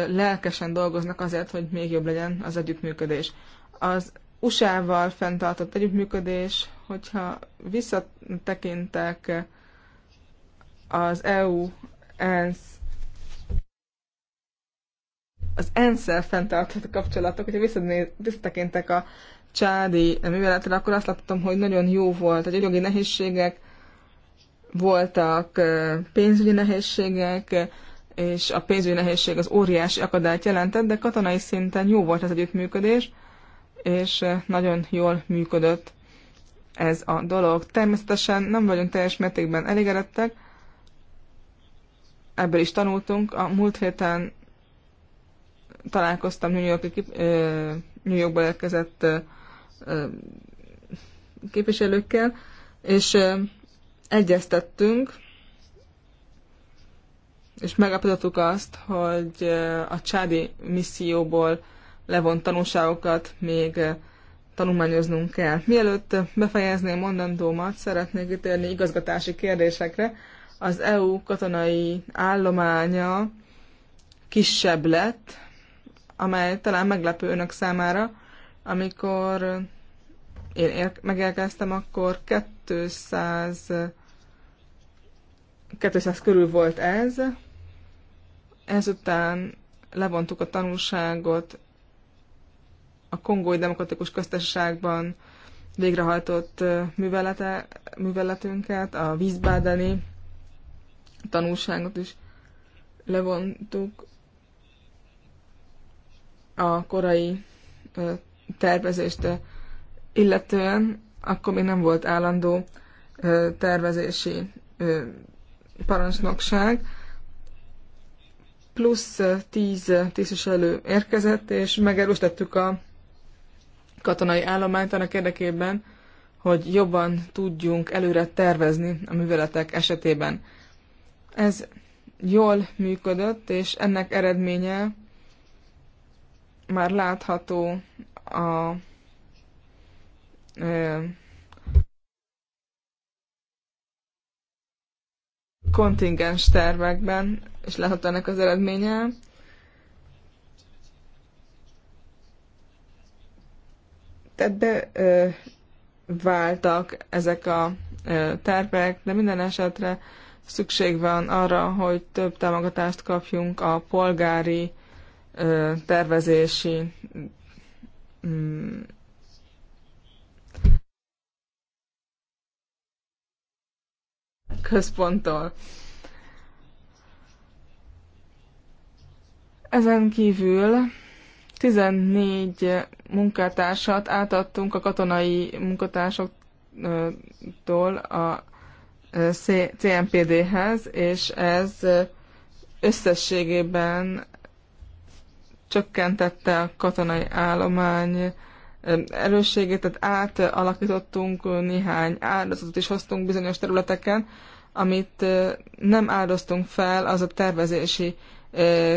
lelkesen dolgoznak azért, hogy még jobb legyen az együttműködés. Az USA-val fenntartott együttműködés, hogyha visszatekintek az EU ENSZ az ensz el fenntartott kapcsolatok, hogyha visszatekintek a csádi műveletre, akkor azt láttam, hogy nagyon jó volt, hogy jogi nehézségek voltak, pénzügyi nehézségek, és a pénzügyi nehézség az óriási akadályt jelentett, de katonai szinten jó volt az együttműködés, és nagyon jól működött ez a dolog. Természetesen nem vagyunk teljes mértékben elégedettek, ebből is tanultunk. A múlt héten találkoztam New, York, New Yorkból érkezett képviselőkkel, és egyeztettünk, és megállapítottuk azt, hogy a csádi misszióból levont tanulságokat még tanulmányoznunk kell. Mielőtt befejezném mondandómat, szeretnék kitérni igazgatási kérdésekre, az EU katonai állománya kisebb lett, amely talán meglepő önök számára. Amikor én megelkeztem, megérkeztem, akkor 200, 200 körül volt ez. Ezután levontuk a tanulságot a Kongói Demokratikus Köztársaságban végrehajtott művelete, műveletünket, a vízbádani tanulságot is levontuk a korai tervezést illetően, akkor még nem volt állandó tervezési parancsnokság, plusz tízes tisztviselő érkezett, és megerősítettük a katonai állományt annak érdekében, hogy jobban tudjunk előre tervezni a műveletek esetében. Ez jól működött, és ennek eredménye már látható a kontingens tervekben, és látható ennek az eredménye. Tehát beváltak ezek a tervek, de minden esetre szükség van arra, hogy több támogatást kapjunk a polgári ö, tervezési mm, központtól. Ezen kívül 14 munkatársat átadtunk a katonai munkatársoktól a CNPD-hez, és ez összességében csökkentette a katonai állomány erősségét, tehát átalakítottunk néhány áldozatot is hoztunk bizonyos területeken, amit nem áldoztunk fel, az a tervezési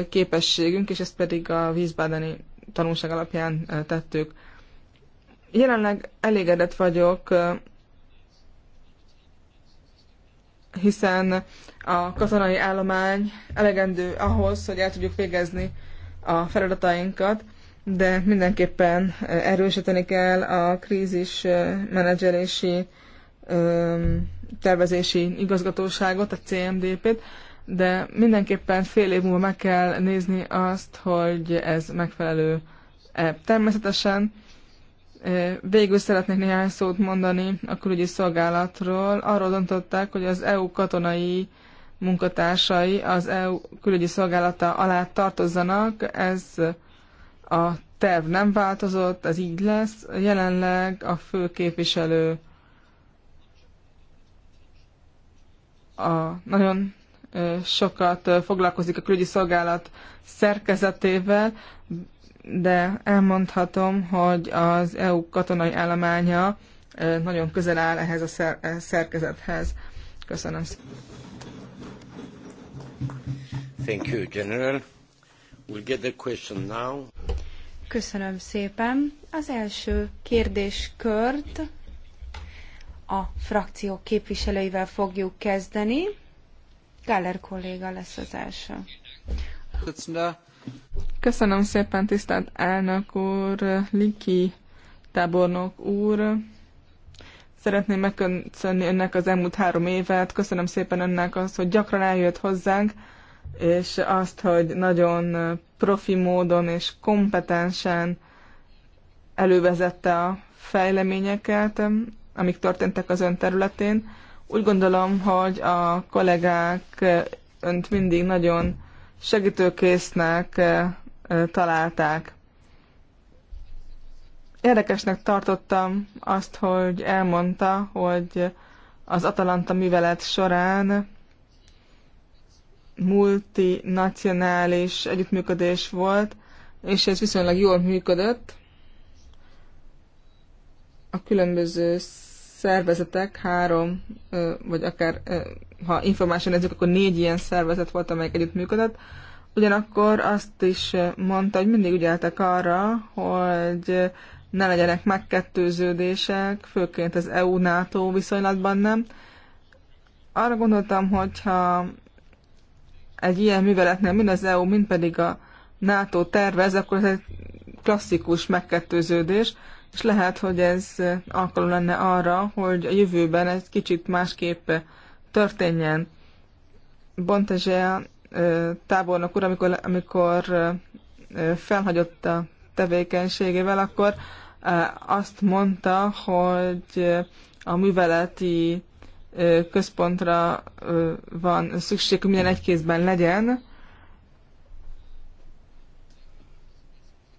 képességünk, és ezt pedig a vízbádani tanulság alapján tettük. Jelenleg elégedett vagyok hiszen a katonai állomány elegendő ahhoz, hogy el tudjuk végezni a feladatainkat, de mindenképpen erősíteni kell a krízis menedzselési tervezési igazgatóságot, a CMDP-t, de mindenképpen fél év múlva meg kell nézni azt, hogy ez megfelelő -e. Természetesen Végül szeretnék néhány szót mondani a külügyi szolgálatról. Arról döntöttek, hogy az EU katonai munkatársai az EU külügyi szolgálata alá tartozzanak. Ez a terv nem változott, ez így lesz. Jelenleg a fő képviselő a nagyon sokat foglalkozik a külügyi szolgálat szerkezetével, de elmondhatom, hogy az EU katonai állománya nagyon közel áll ehhez a e, szerkezethez. Köszönöm szépen. Thank you, General. We'll get the question now. Köszönöm szépen. Az első kérdéskört a frakciók képviselőivel fogjuk kezdeni. Gáller kolléga lesz az első. Köszönöm. Köszönöm szépen, tisztelt elnök úr, Liki tábornok úr. Szeretném megköszönni önnek az elmúlt három évet. Köszönöm szépen önnek azt, hogy gyakran eljött hozzánk, és azt, hogy nagyon profi módon és kompetensen elővezette a fejleményeket, amik történtek az ön területén. Úgy gondolom, hogy a kollégák önt mindig nagyon segítőkésznek eh, eh, találták. Érdekesnek tartottam azt, hogy elmondta, hogy az Atalanta művelet során multinacionális együttműködés volt, és ez viszonylag jól működött. A különböző szervezetek, három vagy akár ha információ nézzük, akkor négy ilyen szervezet volt, amelyek együtt működött. Ugyanakkor azt is mondta, hogy mindig ügyeltek arra, hogy ne legyenek megkettőződések, főként az EU-NATO viszonylatban nem. Arra gondoltam, hogyha egy ilyen műveletnél mind az EU, mind pedig a NATO tervez, akkor ez egy klasszikus megkettőződés, és lehet, hogy ez alkalom lenne arra, hogy a jövőben egy kicsit másképp történjen. Bontezse tábornok úr, amikor, amikor felhagyott a tevékenységével, akkor azt mondta, hogy a műveleti központra van szükség, hogy minden egy kézben legyen.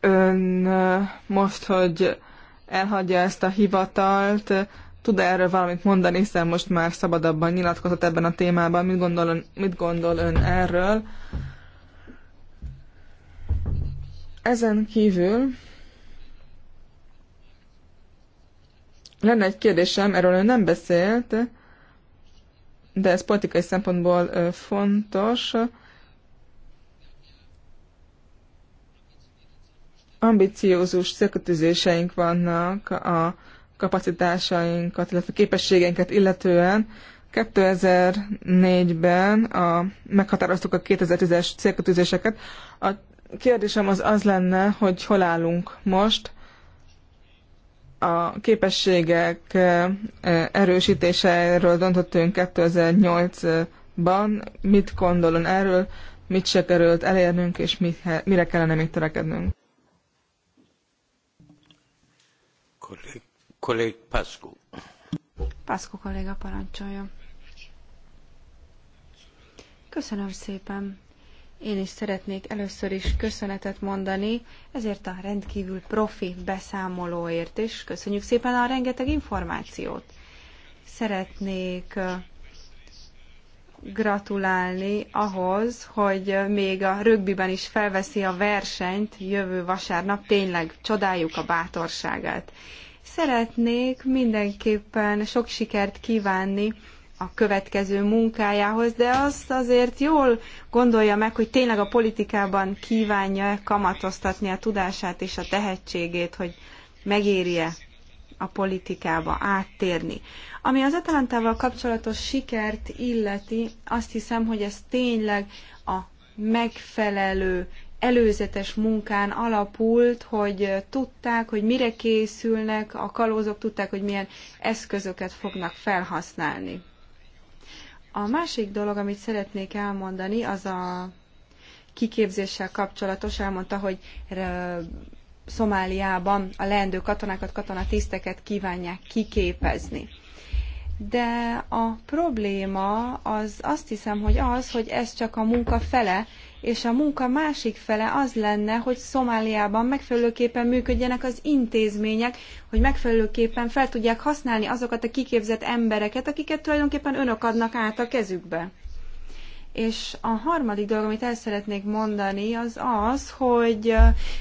Ön most, hogy elhagyja ezt a hivatalt, tud -e erről valamit mondani, hiszen most már szabadabban nyilatkozott ebben a témában. Mit gondol ön, mit gondol ön erről? Ezen kívül lenne egy kérdésem, erről ő nem beszélt, de ez politikai szempontból fontos. Ambiciózus célkötőzéseink vannak a kapacitásainkat, illetve képességeinket illetően 2004-ben a, meghatároztuk a 2010-es célkötőzéseket. A kérdésem az az lenne, hogy hol állunk most a képességek e, e, erősítéséről döntöttünk 2008-ban. Mit gondolunk erről, mit sikerült elérnünk, és mire kellene még törekednünk? Kollég Köszönöm szépen. Én is szeretnék először is köszönetet mondani ezért a rendkívül profi beszámolóért, és köszönjük szépen a rengeteg információt. Szeretnék gratulálni ahhoz, hogy még a rögbiben is felveszi a versenyt jövő vasárnap. Tényleg csodáljuk a bátorságát. Szeretnék mindenképpen sok sikert kívánni a következő munkájához, de azt azért jól gondolja meg, hogy tényleg a politikában kívánja kamatoztatni a tudását és a tehetségét, hogy megérje a politikába áttérni. Ami az Atalantával kapcsolatos sikert illeti, azt hiszem, hogy ez tényleg a megfelelő előzetes munkán alapult, hogy tudták, hogy mire készülnek, a kalózok tudták, hogy milyen eszközöket fognak felhasználni. A másik dolog, amit szeretnék elmondani, az a kiképzéssel kapcsolatos. Elmondta, hogy eh, Szomáliában a leendő katonákat, katonatiszteket kívánják kiképezni. De a probléma az azt hiszem, hogy az, hogy ez csak a munka fele, és a munka másik fele az lenne, hogy Szomáliában megfelelőképpen működjenek az intézmények, hogy megfelelőképpen fel tudják használni azokat a kiképzett embereket, akiket tulajdonképpen önök adnak át a kezükbe. És a harmadik dolog, amit el szeretnék mondani, az az, hogy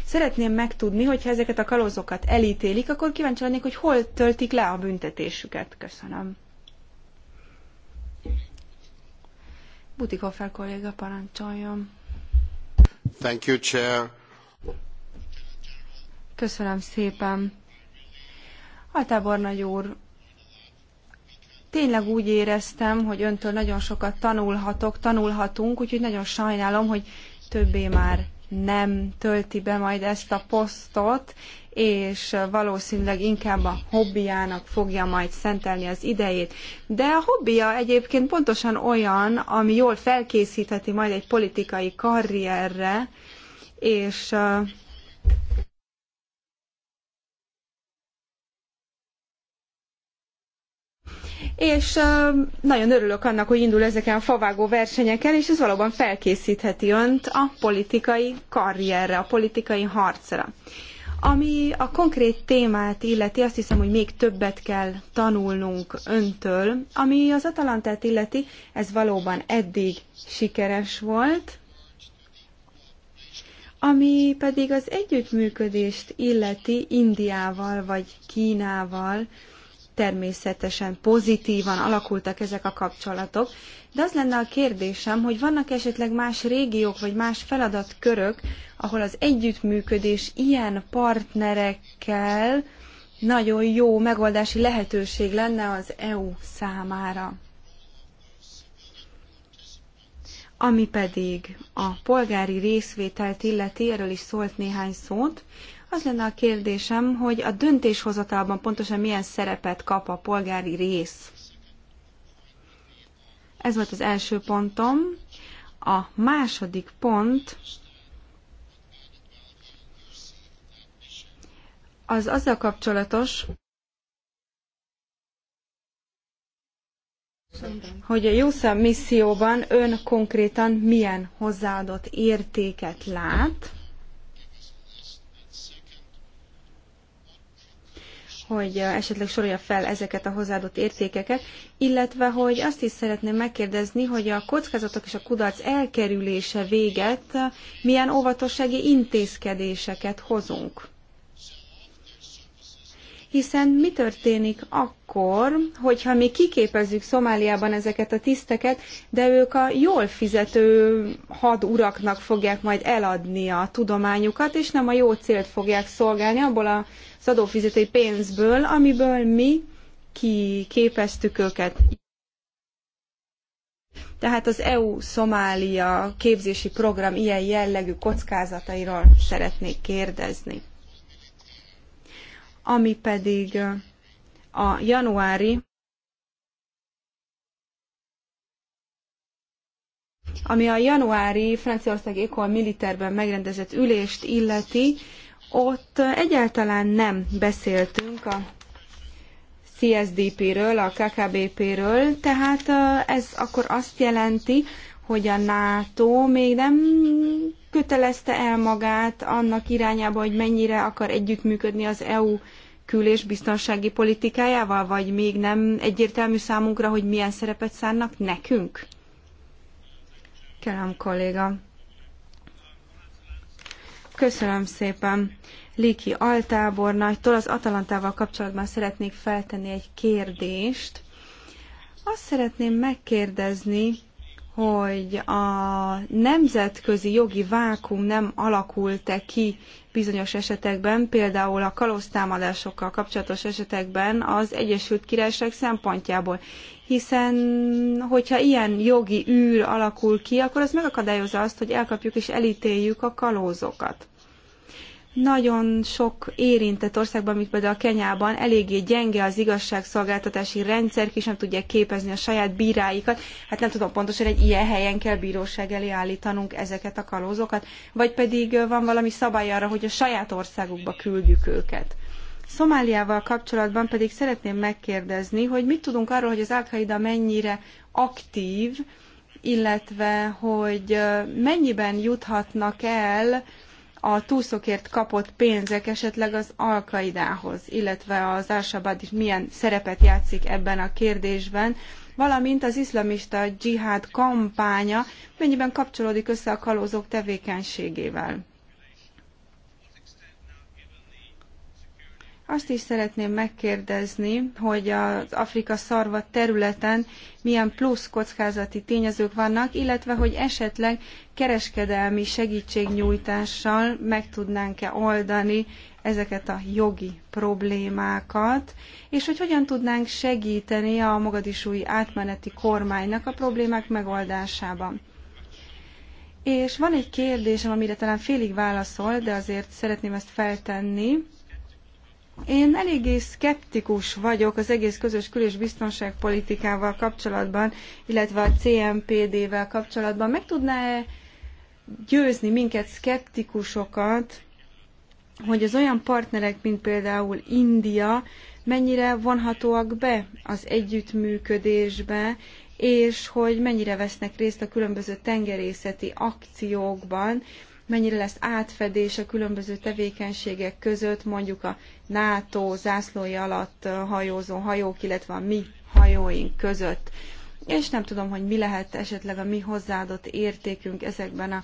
szeretném megtudni, hogyha ezeket a kalózokat elítélik, akkor kíváncsi lennék, hogy hol töltik le a büntetésüket. Köszönöm. Butikoffer kolléga parancsoljon. Thank you, Altábornagy úr, tényleg úgy éreztem, hogy öntől nagyon sokat tanulhatok, tanulhatunk, úgyhogy nagyon sajnálom, hogy többé már nem tölti be majd ezt a posztot, és valószínűleg inkább a hobbiának fogja majd szentelni az idejét. De a hobbija egyébként pontosan olyan, ami jól felkészítheti majd egy politikai karrierre, és és nagyon örülök annak, hogy indul ezeken a favágó versenyeken, és ez valóban felkészítheti önt a politikai karrierre, a politikai harcra. Ami a konkrét témát illeti, azt hiszem, hogy még többet kell tanulnunk öntől. Ami az Atalantát illeti, ez valóban eddig sikeres volt, ami pedig az együttműködést illeti Indiával vagy Kínával, természetesen pozitívan alakultak ezek a kapcsolatok, de az lenne a kérdésem, hogy vannak esetleg más régiók vagy más feladatkörök, ahol az együttműködés ilyen partnerekkel nagyon jó megoldási lehetőség lenne az EU számára. Ami pedig a polgári részvételt illeti, erről is szólt néhány szót, az lenne a kérdésem, hogy a döntéshozatalban pontosan milyen szerepet kap a polgári rész. Ez volt az első pontom. A második pont az azzal kapcsolatos, hogy a Jusza misszióban ön konkrétan milyen hozzáadott értéket lát, hogy esetleg sorolja fel ezeket a hozzáadott értékeket, illetve hogy azt is szeretném megkérdezni, hogy a kockázatok és a kudarc elkerülése véget milyen óvatossági intézkedéseket hozunk hiszen mi történik akkor, hogyha mi kiképezzük Szomáliában ezeket a tiszteket, de ők a jól fizető haduraknak fogják majd eladni a tudományukat, és nem a jó célt fogják szolgálni abból az adófizetői pénzből, amiből mi kiképeztük őket. Tehát az EU-Szomália képzési program ilyen jellegű kockázatairól szeretnék kérdezni ami pedig a januári ami a januári Franciaország École Militerben megrendezett ülést illeti, ott egyáltalán nem beszéltünk a CSDP-ről, a KKBP-ről, tehát ez akkor azt jelenti, hogy a NATO még nem kötelezte el magát annak irányába, hogy mennyire akar együttműködni az EU kül- és biztonsági politikájával, vagy még nem egyértelmű számunkra, hogy milyen szerepet szánnak nekünk? Kelem kolléga. Köszönöm szépen. Liki altábornagytól az Atalantával kapcsolatban szeretnék feltenni egy kérdést. Azt szeretném megkérdezni, hogy a nemzetközi jogi vákum nem alakult-e ki bizonyos esetekben, például a kalosztámadásokkal kapcsolatos esetekben az Egyesült Királyság szempontjából. Hiszen, hogyha ilyen jogi űr alakul ki, akkor az megakadályozza azt, hogy elkapjuk és elítéljük a kalózokat nagyon sok érintett országban, mint például a Kenyában, eléggé gyenge az igazságszolgáltatási rendszer, és nem tudják képezni a saját bíráikat. Hát nem tudom pontosan, egy ilyen helyen kell bíróság elé állítanunk ezeket a kalózokat, vagy pedig van valami szabály arra, hogy a saját országukba küldjük őket. Szomáliával kapcsolatban pedig szeretném megkérdezni, hogy mit tudunk arról, hogy az al mennyire aktív, illetve hogy mennyiben juthatnak el a túszokért kapott pénzek esetleg az Alkaidához, illetve az Ásabad is milyen szerepet játszik ebben a kérdésben, valamint az iszlamista dzsihád kampánya mennyiben kapcsolódik össze a kalózok tevékenységével. Azt is szeretném megkérdezni, hogy az Afrika szarva területen milyen plusz kockázati tényezők vannak, illetve hogy esetleg kereskedelmi segítségnyújtással meg tudnánk-e oldani ezeket a jogi problémákat, és hogy hogyan tudnánk segíteni a magadisúi átmeneti kormánynak a problémák megoldásában. És van egy kérdésem, amire talán félig válaszol, de azért szeretném ezt feltenni én eléggé szkeptikus vagyok az egész közös kül- és biztonságpolitikával kapcsolatban, illetve a CMPD-vel kapcsolatban. Meg tudná-e győzni minket szkeptikusokat, hogy az olyan partnerek, mint például India, mennyire vonhatóak be az együttműködésbe, és hogy mennyire vesznek részt a különböző tengerészeti akciókban, mennyire lesz átfedés a különböző tevékenységek között, mondjuk a NATO zászlója alatt hajózó hajók, illetve a mi hajóink között. És nem tudom, hogy mi lehet esetleg a mi hozzáadott értékünk ezekben a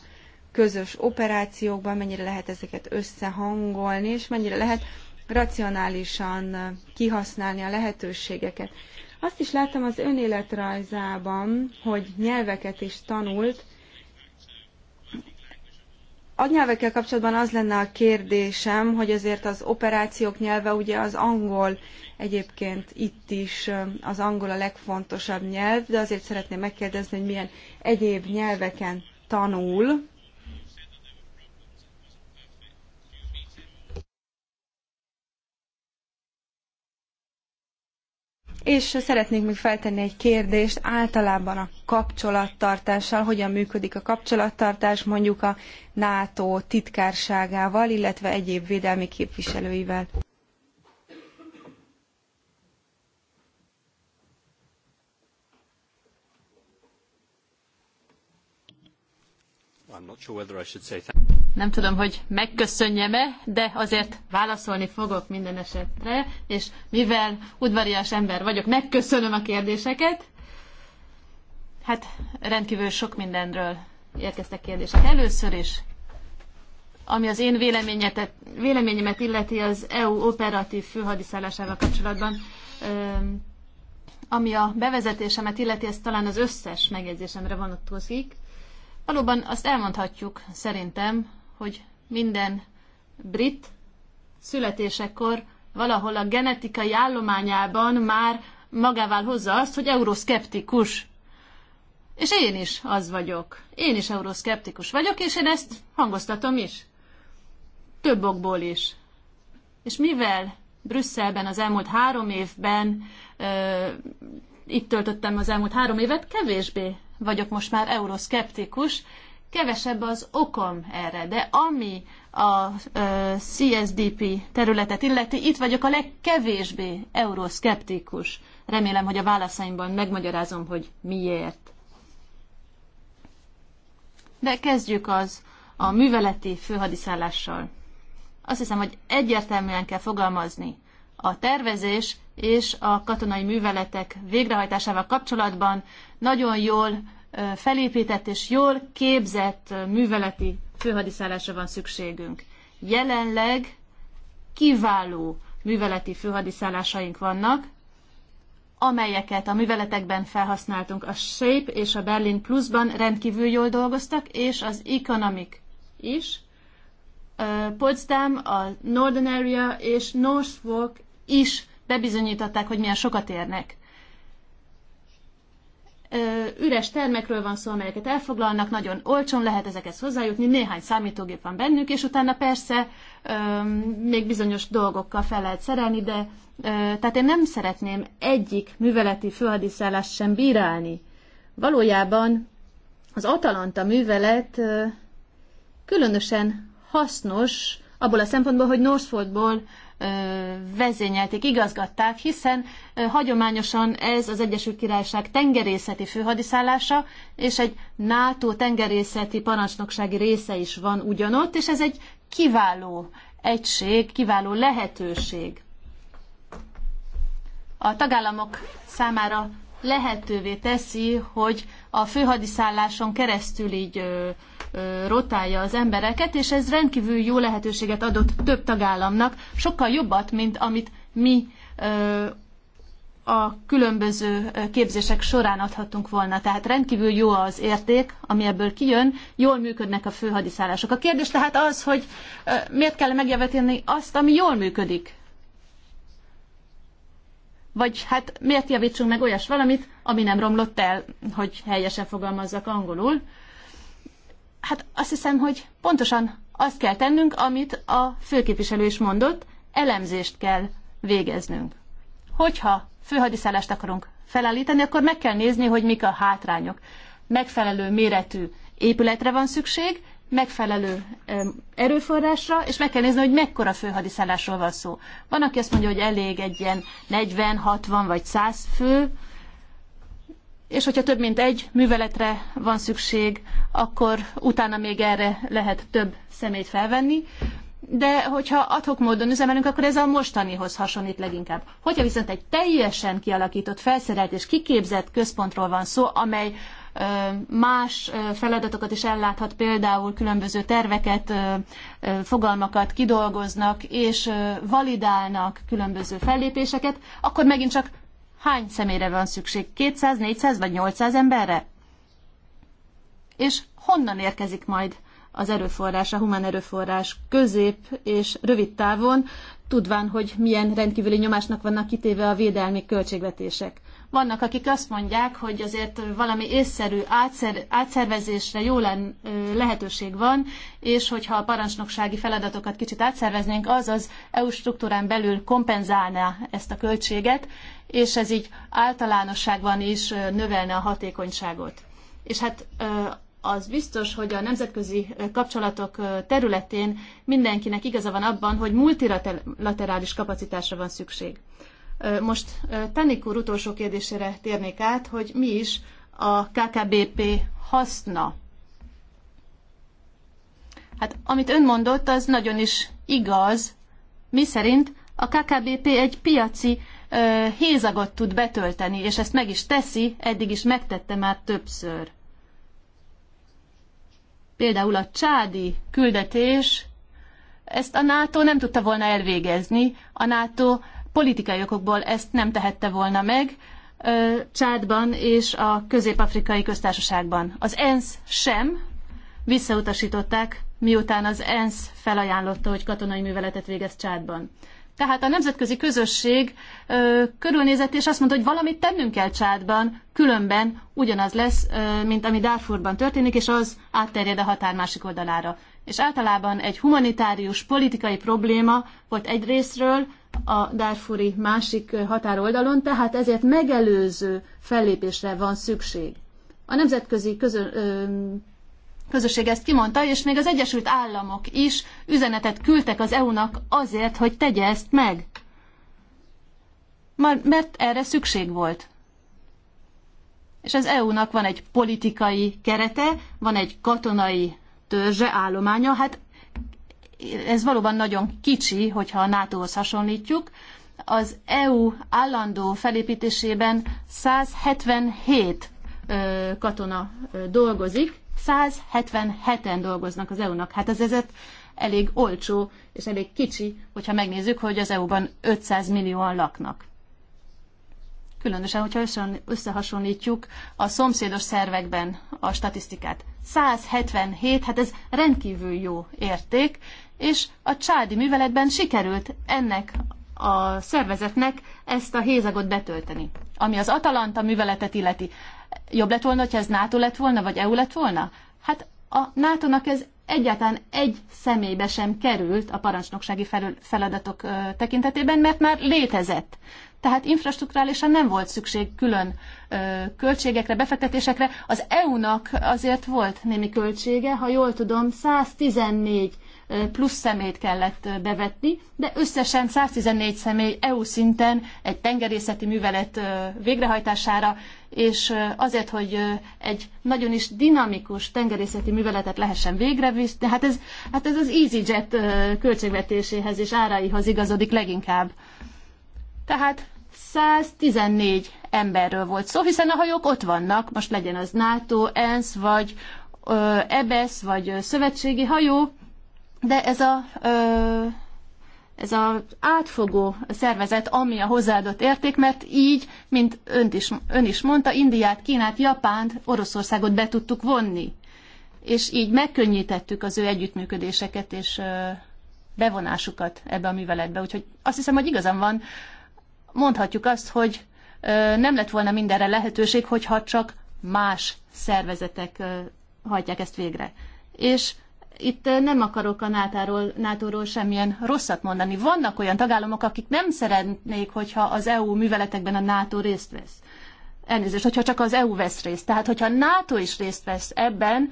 közös operációkban, mennyire lehet ezeket összehangolni, és mennyire lehet racionálisan kihasználni a lehetőségeket. Azt is láttam az önéletrajzában, hogy nyelveket is tanult, a nyelvekkel kapcsolatban az lenne a kérdésem, hogy azért az operációk nyelve ugye az angol, egyébként itt is az angol a legfontosabb nyelv, de azért szeretném megkérdezni, hogy milyen egyéb nyelveken tanul, És szeretnék még feltenni egy kérdést általában a kapcsolattartással, hogyan működik a kapcsolattartás mondjuk a NATO titkárságával, illetve egyéb védelmi képviselőivel. I'm not sure whether I should say nem tudom, hogy megköszönjem-e, de azért válaszolni fogok minden esetre, és mivel udvarias ember vagyok, megköszönöm a kérdéseket. Hát rendkívül sok mindenről érkeztek kérdések. Először is, ami az én véleményemet illeti az EU operatív főhadiszállásával kapcsolatban, ami a bevezetésemet illeti, ez talán az összes megjegyzésemre vonatkozik. Valóban azt elmondhatjuk szerintem, hogy minden brit születésekor valahol a genetikai állományában már magával hozza azt, hogy euroszkeptikus. És én is az vagyok. Én is euroszkeptikus vagyok, és én ezt hangoztatom is. Több okból is. És mivel Brüsszelben az elmúlt három évben, euh, itt töltöttem az elmúlt három évet, kevésbé vagyok most már euroszkeptikus, kevesebb az okom erre, de ami a CSDP területet illeti, itt vagyok a legkevésbé euroszkeptikus. Remélem, hogy a válaszaimban megmagyarázom, hogy miért. De kezdjük az a műveleti főhadiszállással. Azt hiszem, hogy egyértelműen kell fogalmazni. A tervezés és a katonai műveletek végrehajtásával kapcsolatban nagyon jól felépített és jól képzett műveleti főhadiszállásra van szükségünk. Jelenleg kiváló műveleti főhadiszállásaink vannak, amelyeket a műveletekben felhasználtunk. A Shape és a Berlin Plusban rendkívül jól dolgoztak, és az Economic is. Potsdam, a Northern Area és Norfolk is bebizonyították, hogy milyen sokat érnek üres termekről van szó, amelyeket elfoglalnak, nagyon olcsón lehet ezekhez hozzájutni, néhány számítógép van bennük, és utána persze még bizonyos dolgokkal fel lehet szerelni, de tehát én nem szeretném egyik műveleti főhadiszállást sem bírálni. Valójában az Atalanta művelet különösen hasznos abból a szempontból, hogy Northfoldból vezényelték, igazgatták, hiszen hagyományosan ez az Egyesült Királyság tengerészeti főhadiszállása, és egy NATO tengerészeti parancsnoksági része is van ugyanott, és ez egy kiváló egység, kiváló lehetőség. A tagállamok számára lehetővé teszi, hogy a főhadiszálláson keresztül így ö, ö, rotálja az embereket, és ez rendkívül jó lehetőséget adott több tagállamnak, sokkal jobbat, mint amit mi ö, a különböző képzések során adhattunk volna. Tehát rendkívül jó az érték, ami ebből kijön, jól működnek a főhadiszállások. A kérdés tehát az, hogy miért kell megjavetni azt, ami jól működik. Vagy hát miért javítsunk meg olyas valamit, ami nem romlott el, hogy helyesen fogalmazzak angolul. Hát azt hiszem, hogy pontosan azt kell tennünk, amit a főképviselő is mondott, elemzést kell végeznünk. Hogyha főhadiszállást akarunk felállítani, akkor meg kell nézni, hogy mik a hátrányok. Megfelelő méretű épületre van szükség, megfelelő erőforrásra, és meg kell nézni, hogy mekkora főhadiszállásról van szó. Van, aki azt mondja, hogy elég egy ilyen 40, 60 vagy 100 fő, és hogyha több mint egy műveletre van szükség, akkor utána még erre lehet több szemét felvenni. De hogyha adhok módon üzemelünk, akkor ez a mostanihoz hasonlít leginkább. Hogyha viszont egy teljesen kialakított, felszerelt és kiképzett központról van szó, amely más feladatokat is elláthat, például különböző terveket, fogalmakat kidolgoznak és validálnak különböző fellépéseket, akkor megint csak hány személyre van szükség? 200, 400 vagy 800 emberre? És honnan érkezik majd az erőforrás, a humán erőforrás közép és rövid távon, tudván, hogy milyen rendkívüli nyomásnak vannak kitéve a védelmi költségvetések. Vannak, akik azt mondják, hogy azért valami észszerű átszer, átszervezésre jó len, lehetőség van, és hogyha a parancsnoksági feladatokat kicsit átszerveznénk, az az EU struktúrán belül kompenzálná ezt a költséget, és ez így általánosságban is növelne a hatékonyságot. És hát az biztos, hogy a nemzetközi kapcsolatok területén mindenkinek igaza van abban, hogy multilaterális kapacitásra van szükség. Most Tanik úr utolsó kérdésére térnék át, hogy mi is a KKBP haszna. Hát amit ön mondott, az nagyon is igaz. Mi szerint a KKBP egy piaci ö, hézagot tud betölteni, és ezt meg is teszi, eddig is megtette már többször. Például a csádi küldetés, ezt a NATO nem tudta volna elvégezni. A NATO politikai okokból ezt nem tehette volna meg Csádban és a Közép-Afrikai Köztársaságban. Az ENSZ sem visszautasították, miután az ENSZ felajánlotta, hogy katonai műveletet végez Csádban. Tehát a nemzetközi közösség ö, körülnézett, és azt mondta, hogy valamit tennünk kell Csádban, különben ugyanaz lesz, ö, mint ami Darfurban történik, és az átterjed a határ másik oldalára. És általában egy humanitárius politikai probléma volt egy részről, a Darfuri másik határoldalon, tehát ezért megelőző fellépésre van szükség. A nemzetközi közö, ö, közösség ezt kimondta, és még az Egyesült Államok is üzenetet küldtek az EU-nak azért, hogy tegye ezt meg. Mert erre szükség volt. És az EU-nak van egy politikai kerete, van egy katonai törzse, állománya, hát ez valóban nagyon kicsi, hogyha a NATO-hoz hasonlítjuk. Az EU állandó felépítésében 177 katona dolgozik, 177-en dolgoznak az EU-nak. Hát ez ezért elég olcsó és elég kicsi, hogyha megnézzük, hogy az EU-ban 500 millióan laknak. Különösen, hogyha összehasonlítjuk a szomszédos szervekben a statisztikát. 177, hát ez rendkívül jó érték, és a csádi műveletben sikerült ennek a szervezetnek ezt a hézagot betölteni. Ami az Atalanta műveletet illeti, jobb lett volna, ha ez NATO lett volna, vagy EU lett volna? Hát a NATO-nak ez egyáltalán egy személybe sem került a parancsnoksági feladatok tekintetében, mert már létezett. Tehát infrastruktúrálisan nem volt szükség külön költségekre, befektetésekre. Az EU-nak azért volt némi költsége, ha jól tudom, 114 plusz szemét kellett bevetni, de összesen 114 személy EU szinten egy tengerészeti művelet végrehajtására, és azért, hogy egy nagyon is dinamikus tengerészeti műveletet lehessen végrevisni, hát ez, hát ez az EasyJet költségvetéséhez és áraihoz igazodik leginkább. Tehát 114 emberről volt szó, hiszen a hajók ott vannak, most legyen az NATO, ENSZ, vagy ö, EBESZ, vagy szövetségi hajó, de ez a ö, ez az átfogó szervezet, ami a hozzáadott érték, mert így, mint önt is, ön is mondta, Indiát, Kínát, Japánt, Oroszországot be tudtuk vonni. És így megkönnyítettük az ő együttműködéseket és bevonásukat ebbe a műveletbe. Úgyhogy azt hiszem, hogy igazán van, mondhatjuk azt, hogy nem lett volna mindenre lehetőség, hogyha csak más szervezetek hajtják ezt végre. És itt eh, nem akarok a NATO-ról, semmilyen rosszat mondani. Vannak olyan tagállamok, akik nem szeretnék, hogyha az EU műveletekben a NATO részt vesz. Elnézést, hogyha csak az EU vesz részt. Tehát, hogyha a NATO is részt vesz ebben,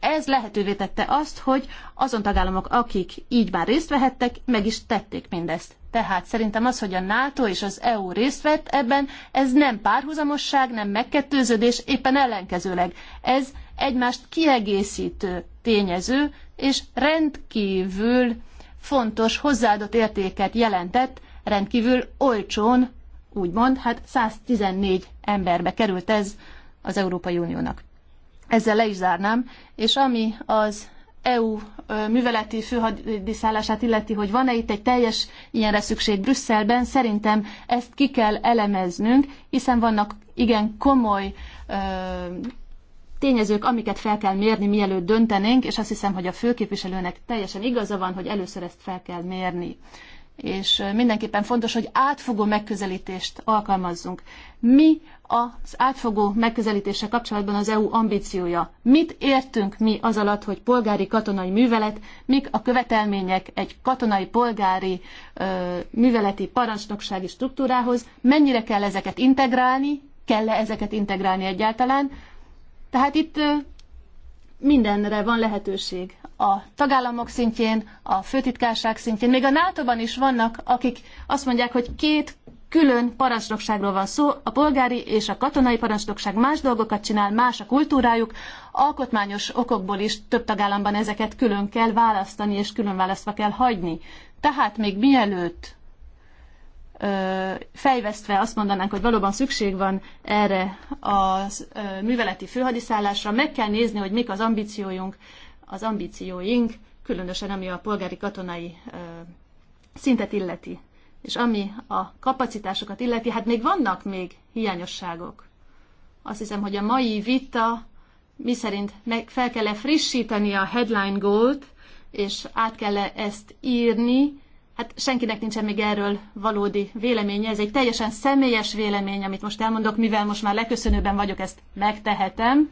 ez lehetővé tette azt, hogy azon tagállamok, akik így már részt vehettek, meg is tették mindezt. Tehát szerintem az, hogy a NATO és az EU részt vett ebben, ez nem párhuzamosság, nem megkettőződés, éppen ellenkezőleg. Ez egymást kiegészítő tényező, és rendkívül fontos hozzáadott értéket jelentett, rendkívül olcsón, úgymond, hát 114 emberbe került ez az Európai Uniónak. Ezzel le is zárnám, és ami az EU műveleti főhadiszállását illeti, hogy van-e itt egy teljes ilyenre szükség Brüsszelben, szerintem ezt ki kell elemeznünk, hiszen vannak igen komoly tényezők, amiket fel kell mérni, mielőtt döntenénk, és azt hiszem, hogy a főképviselőnek teljesen igaza van, hogy először ezt fel kell mérni. És mindenképpen fontos, hogy átfogó megközelítést alkalmazzunk. Mi az átfogó megközelítése kapcsolatban az EU ambíciója? Mit értünk mi az alatt, hogy polgári katonai művelet, mik a követelmények egy katonai polgári ö, műveleti parancsnoksági struktúrához, mennyire kell ezeket integrálni, kell-e ezeket integrálni egyáltalán, tehát itt mindenre van lehetőség. A tagállamok szintjén, a főtitkárság szintjén, még a NATO-ban is vannak, akik azt mondják, hogy két külön parancsnokságról van szó, a polgári és a katonai parancsnokság más dolgokat csinál, más a kultúrájuk, alkotmányos okokból is több tagállamban ezeket külön kell választani, és külön választva kell hagyni. Tehát még mielőtt fejvesztve azt mondanánk, hogy valóban szükség van erre a műveleti főhadiszállásra, meg kell nézni, hogy mik az ambíciójunk, az ambícióink, különösen ami a polgári katonai szintet illeti. És ami a kapacitásokat illeti, hát még vannak még hiányosságok. Azt hiszem, hogy a mai vita mi szerint meg fel kell -e frissíteni a headline goal-t, és át kell -e ezt írni, hát senkinek nincsen még erről valódi véleménye, ez egy teljesen személyes vélemény, amit most elmondok, mivel most már leköszönőben vagyok, ezt megtehetem.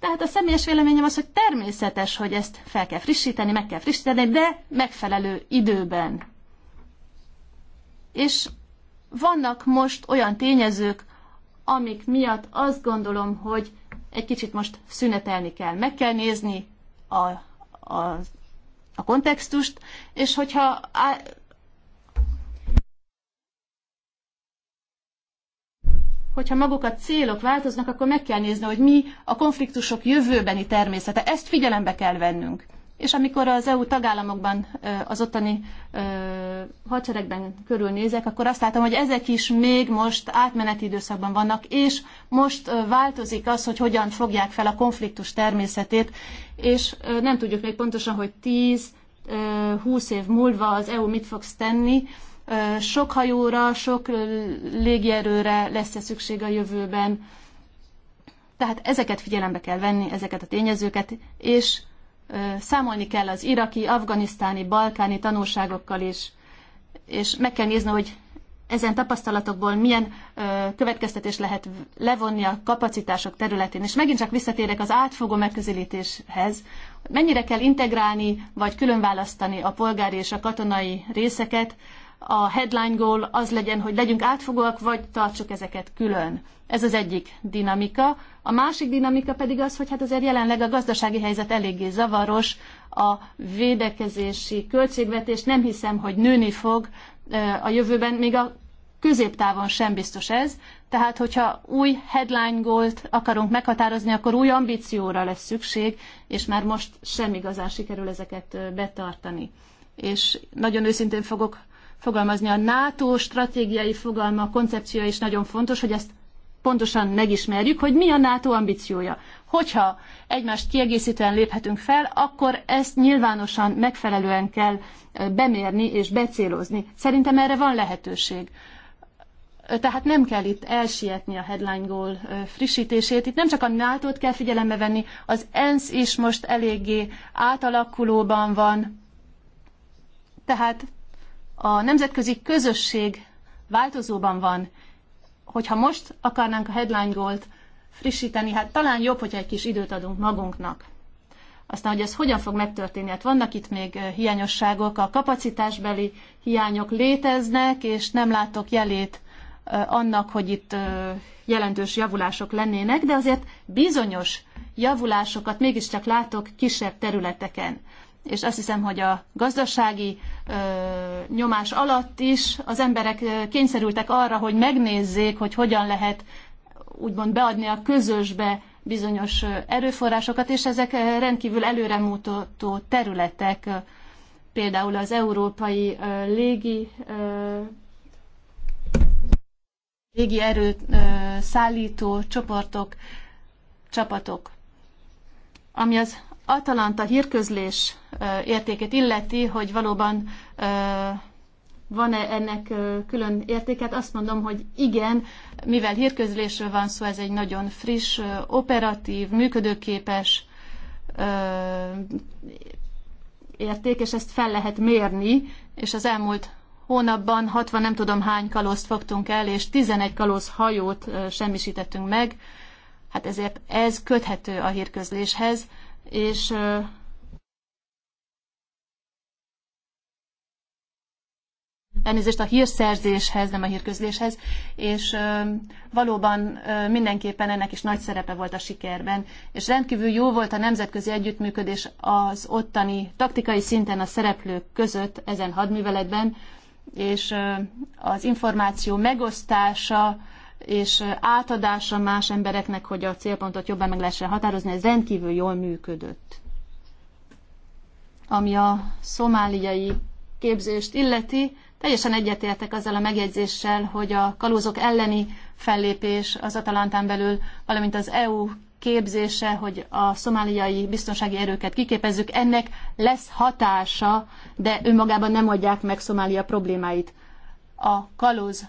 Tehát a személyes véleményem az, hogy természetes, hogy ezt fel kell frissíteni, meg kell frissíteni, de megfelelő időben. És vannak most olyan tényezők, amik miatt azt gondolom, hogy egy kicsit most szünetelni kell. Meg kell nézni a, a, a kontextust, és hogyha hogyha maguk a célok változnak, akkor meg kell nézni, hogy mi a konfliktusok jövőbeni természete. Ezt figyelembe kell vennünk. És amikor az EU tagállamokban, az ottani hadseregben körülnézek, akkor azt látom, hogy ezek is még most átmeneti időszakban vannak, és most változik az, hogy hogyan fogják fel a konfliktus természetét, és nem tudjuk még pontosan, hogy 10-20 év múlva az EU mit fog tenni. Sok hajóra, sok légierőre lesz-e szükség a jövőben. Tehát ezeket figyelembe kell venni, ezeket a tényezőket, és számolni kell az iraki, afganisztáni, balkáni tanulságokkal is, és meg kell nézni, hogy ezen tapasztalatokból milyen ö, következtetés lehet levonni a kapacitások területén. És megint csak visszatérek az átfogó megközelítéshez, mennyire kell integrálni vagy különválasztani a polgári és a katonai részeket, a headline goal az legyen, hogy legyünk átfogóak, vagy tartsuk ezeket külön. Ez az egyik dinamika. A másik dinamika pedig az, hogy hát azért jelenleg a gazdasági helyzet eléggé zavaros, a védekezési költségvetés nem hiszem, hogy nőni fog a jövőben, még a középtávon sem biztos ez. Tehát, hogyha új headline gólt akarunk meghatározni, akkor új ambícióra lesz szükség, és már most sem igazán sikerül ezeket betartani. És nagyon őszintén fogok fogalmazni. A NATO stratégiai fogalma, koncepciója is nagyon fontos, hogy ezt pontosan megismerjük, hogy mi a NATO ambíciója. Hogyha egymást kiegészítően léphetünk fel, akkor ezt nyilvánosan megfelelően kell bemérni és becélozni. Szerintem erre van lehetőség. Tehát nem kell itt elsietni a headline goal frissítését. Itt nem csak a nato kell figyelembe venni, az ENSZ is most eléggé átalakulóban van. Tehát a nemzetközi közösség változóban van. Hogyha most akarnánk a headline gólt frissíteni, hát talán jobb, hogyha egy kis időt adunk magunknak. Aztán, hogy ez hogyan fog megtörténni, hát vannak itt még eh, hiányosságok, a kapacitásbeli hiányok léteznek, és nem látok jelét eh, annak, hogy itt eh, jelentős javulások lennének, de azért bizonyos javulásokat mégiscsak látok kisebb területeken és azt hiszem, hogy a gazdasági ö, nyomás alatt is az emberek kényszerültek arra, hogy megnézzék, hogy hogyan lehet úgymond beadni a közösbe bizonyos erőforrásokat, és ezek rendkívül előremutató területek, például az európai ö, légi ö, légi erőt ö, szállító csoportok, csapatok. Ami az Atalanta hírközlés értékét illeti, hogy valóban van-e ennek külön értéket, azt mondom, hogy igen, mivel hírközlésről van szó, ez egy nagyon friss, operatív, működőképes érték, és ezt fel lehet mérni, és az elmúlt hónapban 60 nem tudom hány kalózt fogtunk el, és 11 kalóz hajót semmisítettünk meg, hát ezért ez köthető a hírközléshez, és elnézést a hírszerzéshez, nem a hírközléshez, és valóban mindenképpen ennek is nagy szerepe volt a sikerben, és rendkívül jó volt a nemzetközi együttműködés az ottani taktikai szinten a szereplők között ezen hadműveletben, és az információ megosztása és átadása más embereknek, hogy a célpontot jobban meg lehessen határozni, ez rendkívül jól működött. Ami a szomáliai képzést illeti, teljesen egyetértek azzal a megjegyzéssel, hogy a kalózok elleni fellépés az Atalantán belül, valamint az EU képzése, hogy a szomáliai biztonsági erőket kiképezzük, ennek lesz hatása, de önmagában nem adják meg Szomália problémáit. A kalóz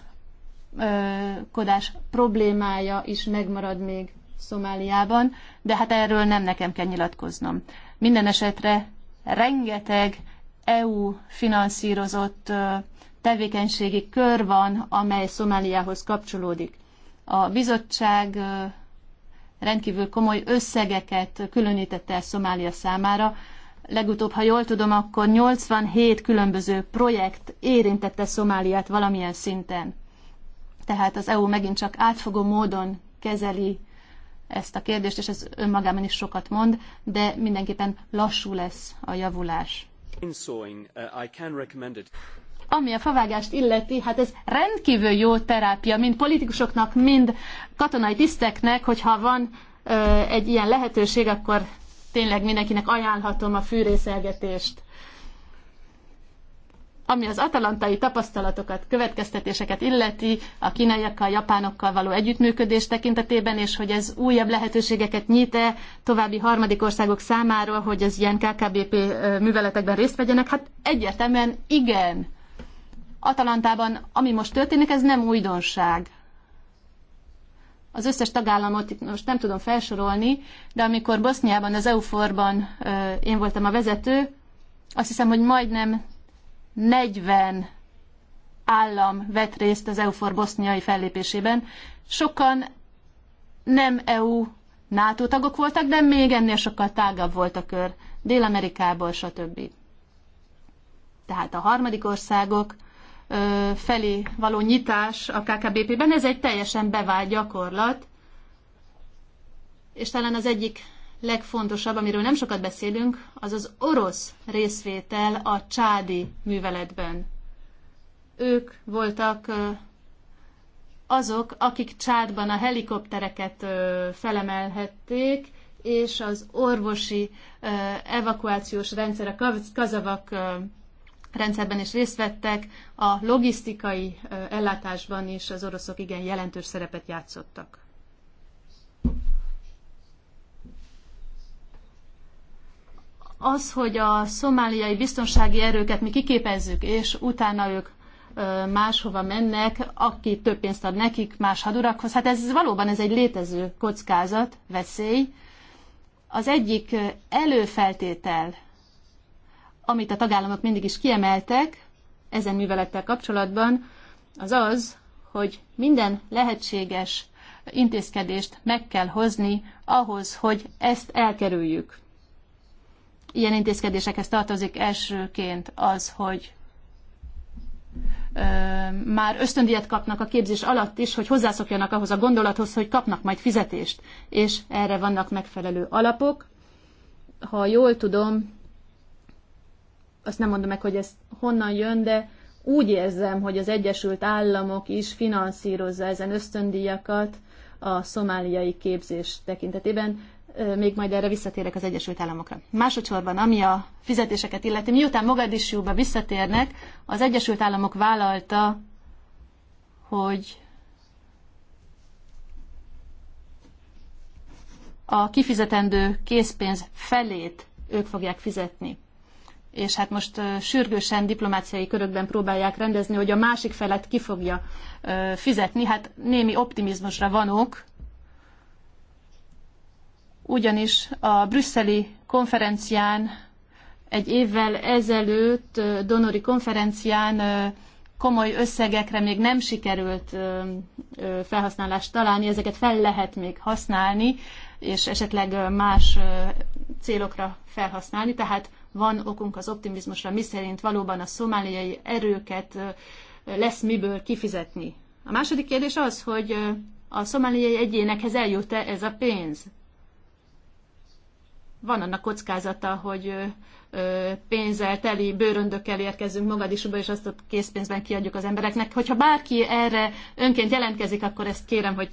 gazdálkodás problémája is megmarad még Szomáliában, de hát erről nem nekem kell nyilatkoznom. Minden esetre rengeteg EU finanszírozott tevékenységi kör van, amely Szomáliához kapcsolódik. A bizottság rendkívül komoly összegeket különítette el Szomália számára. Legutóbb, ha jól tudom, akkor 87 különböző projekt érintette Szomáliát valamilyen szinten. Tehát az EU megint csak átfogó módon kezeli ezt a kérdést, és ez önmagában is sokat mond, de mindenképpen lassú lesz a javulás. Uh, Ami a favágást illeti, hát ez rendkívül jó terápia, mind politikusoknak, mind katonai tiszteknek, hogyha van ö, egy ilyen lehetőség, akkor tényleg mindenkinek ajánlhatom a fűrészelgetést. Ami az atalantai tapasztalatokat, következtetéseket illeti, a kínaiakkal, japánokkal való együttműködés tekintetében, és hogy ez újabb lehetőségeket nyite további harmadik országok számára, hogy az ilyen KKBP műveletekben részt vegyenek, hát egyértelműen igen. Atalantában, ami most történik, ez nem újdonság az összes tagállamot most nem tudom felsorolni, de amikor Boszniában, az EUFOR-ban én voltam a vezető, azt hiszem, hogy majdnem 40 állam vett részt az EUFOR boszniai fellépésében. Sokan nem EU NATO tagok voltak, de még ennél sokkal tágabb volt a kör, Dél-Amerikából, stb. Tehát a harmadik országok ö, felé való nyitás a KKBP-ben, ez egy teljesen bevált gyakorlat, és talán az egyik legfontosabb, amiről nem sokat beszélünk, az az orosz részvétel a csádi műveletben. Ők voltak azok, akik csádban a helikoptereket felemelhették, és az orvosi evakuációs rendszer, a kazavak rendszerben is részt vettek, a logisztikai ellátásban is az oroszok igen jelentős szerepet játszottak. az, hogy a szomáliai biztonsági erőket mi kiképezzük, és utána ők máshova mennek, aki több pénzt ad nekik, más hadurakhoz. Hát ez valóban ez egy létező kockázat, veszély. Az egyik előfeltétel, amit a tagállamok mindig is kiemeltek ezen művelettel kapcsolatban, az az, hogy minden lehetséges intézkedést meg kell hozni ahhoz, hogy ezt elkerüljük. Ilyen intézkedésekhez tartozik elsőként az, hogy már ösztöndíjat kapnak a képzés alatt is, hogy hozzászokjanak ahhoz a gondolathoz, hogy kapnak majd fizetést, és erre vannak megfelelő alapok. Ha jól tudom, azt nem mondom meg, hogy ez honnan jön, de úgy érzem, hogy az Egyesült Államok is finanszírozza ezen ösztöndíjakat a szomáliai képzés tekintetében még majd erre visszatérek az Egyesült Államokra. Másodszorban, ami a fizetéseket illeti, miután Mogadisjúba visszatérnek, az Egyesült Államok vállalta, hogy a kifizetendő készpénz felét ők fogják fizetni. És hát most sürgősen diplomáciai körökben próbálják rendezni, hogy a másik felet ki fogja fizetni. Hát némi optimizmusra vanok, ok, ugyanis a brüsszeli konferencián egy évvel ezelőtt donori konferencián komoly összegekre még nem sikerült felhasználást találni, ezeket fel lehet még használni, és esetleg más célokra felhasználni, tehát van okunk az optimizmusra, miszerint valóban a szomáliai erőket lesz miből kifizetni. A második kérdés az, hogy a szomáliai egyénekhez eljut-e ez a pénz? van annak kockázata, hogy pénzzel teli bőröndökkel érkezünk Mogadisúba, és azt ott készpénzben kiadjuk az embereknek. Hogyha bárki erre önként jelentkezik, akkor ezt kérem, hogy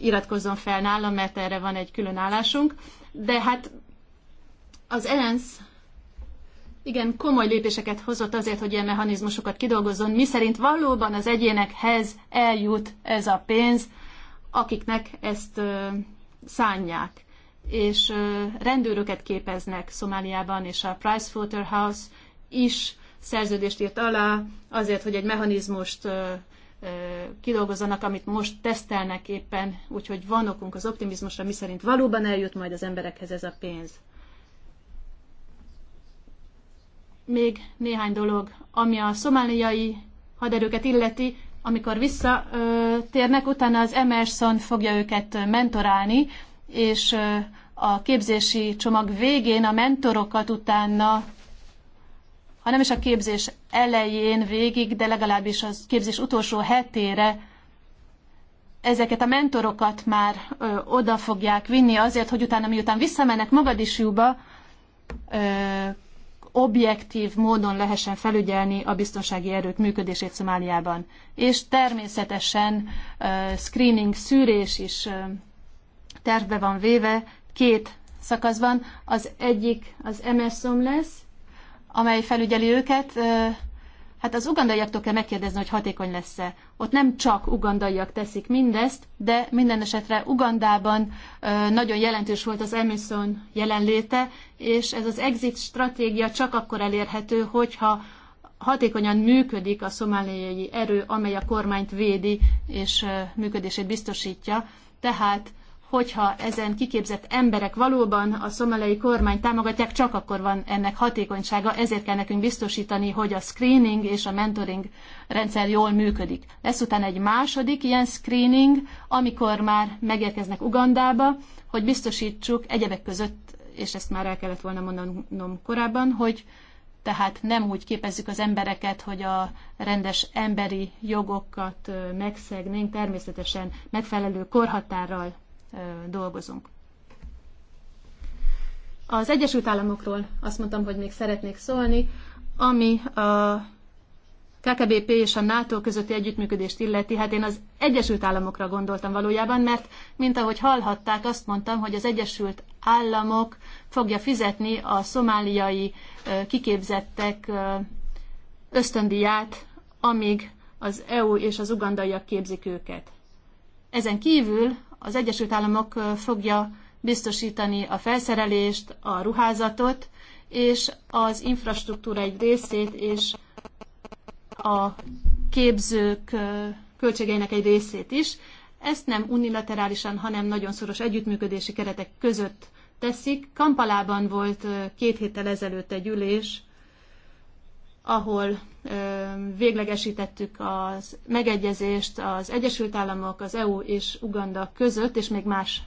iratkozzon fel nálam, mert erre van egy külön állásunk. De hát az ENSZ igen komoly lépéseket hozott azért, hogy ilyen mechanizmusokat kidolgozzon, miszerint valóban az egyénekhez eljut ez a pénz, akiknek ezt ö, szánják és rendőröket képeznek Szomáliában, és a Price Waterhouse is szerződést írt alá azért, hogy egy mechanizmust kidolgozzanak, amit most tesztelnek éppen, úgyhogy van okunk az optimizmusra, miszerint valóban eljut majd az emberekhez ez a pénz. Még néhány dolog, ami a szomáliai haderőket illeti, amikor visszatérnek, utána az Emerson fogja őket mentorálni, és a képzési csomag végén a mentorokat utána, hanem is a képzés elején végig, de legalábbis a képzés utolsó hetére ezeket a mentorokat már ö, oda fogják vinni azért, hogy utána miután visszamennek júba, ö, objektív módon lehessen felügyelni a biztonsági erők működését Szomáliában. És természetesen ö, screening, szűrés is ö, tervbe van véve két szakaszban. Az egyik az MSZOM lesz, amely felügyeli őket. Hát az ugandaiaktól kell megkérdezni, hogy hatékony lesz-e. Ott nem csak ugandaiak teszik mindezt, de minden esetre Ugandában nagyon jelentős volt az Emerson jelenléte, és ez az exit stratégia csak akkor elérhető, hogyha hatékonyan működik a szomáliai erő, amely a kormányt védi és működését biztosítja. Tehát hogyha ezen kiképzett emberek valóban a szomalei kormány támogatják, csak akkor van ennek hatékonysága, ezért kell nekünk biztosítani, hogy a screening és a mentoring rendszer jól működik. Lesz utána egy második ilyen screening, amikor már megérkeznek Ugandába, hogy biztosítsuk egyebek között, és ezt már el kellett volna mondanom korábban, hogy tehát nem úgy képezzük az embereket, hogy a rendes emberi jogokat megszegnénk, természetesen megfelelő korhatárral dolgozunk. Az Egyesült Államokról azt mondtam, hogy még szeretnék szólni, ami a KKBP és a NATO közötti együttműködést illeti, hát én az Egyesült Államokra gondoltam valójában, mert mint ahogy hallhatták, azt mondtam, hogy az Egyesült Államok fogja fizetni a szomáliai kiképzettek ösztöndiát, amíg az EU és az ugandaiak képzik őket. Ezen kívül az Egyesült Államok fogja biztosítani a felszerelést, a ruházatot, és az infrastruktúra egy részét, és a képzők költségeinek egy részét is. Ezt nem unilaterálisan, hanem nagyon szoros együttműködési keretek között teszik. Kampalában volt két héttel ezelőtt egy ülés ahol véglegesítettük az megegyezést az Egyesült Államok, az EU és Uganda között, és még más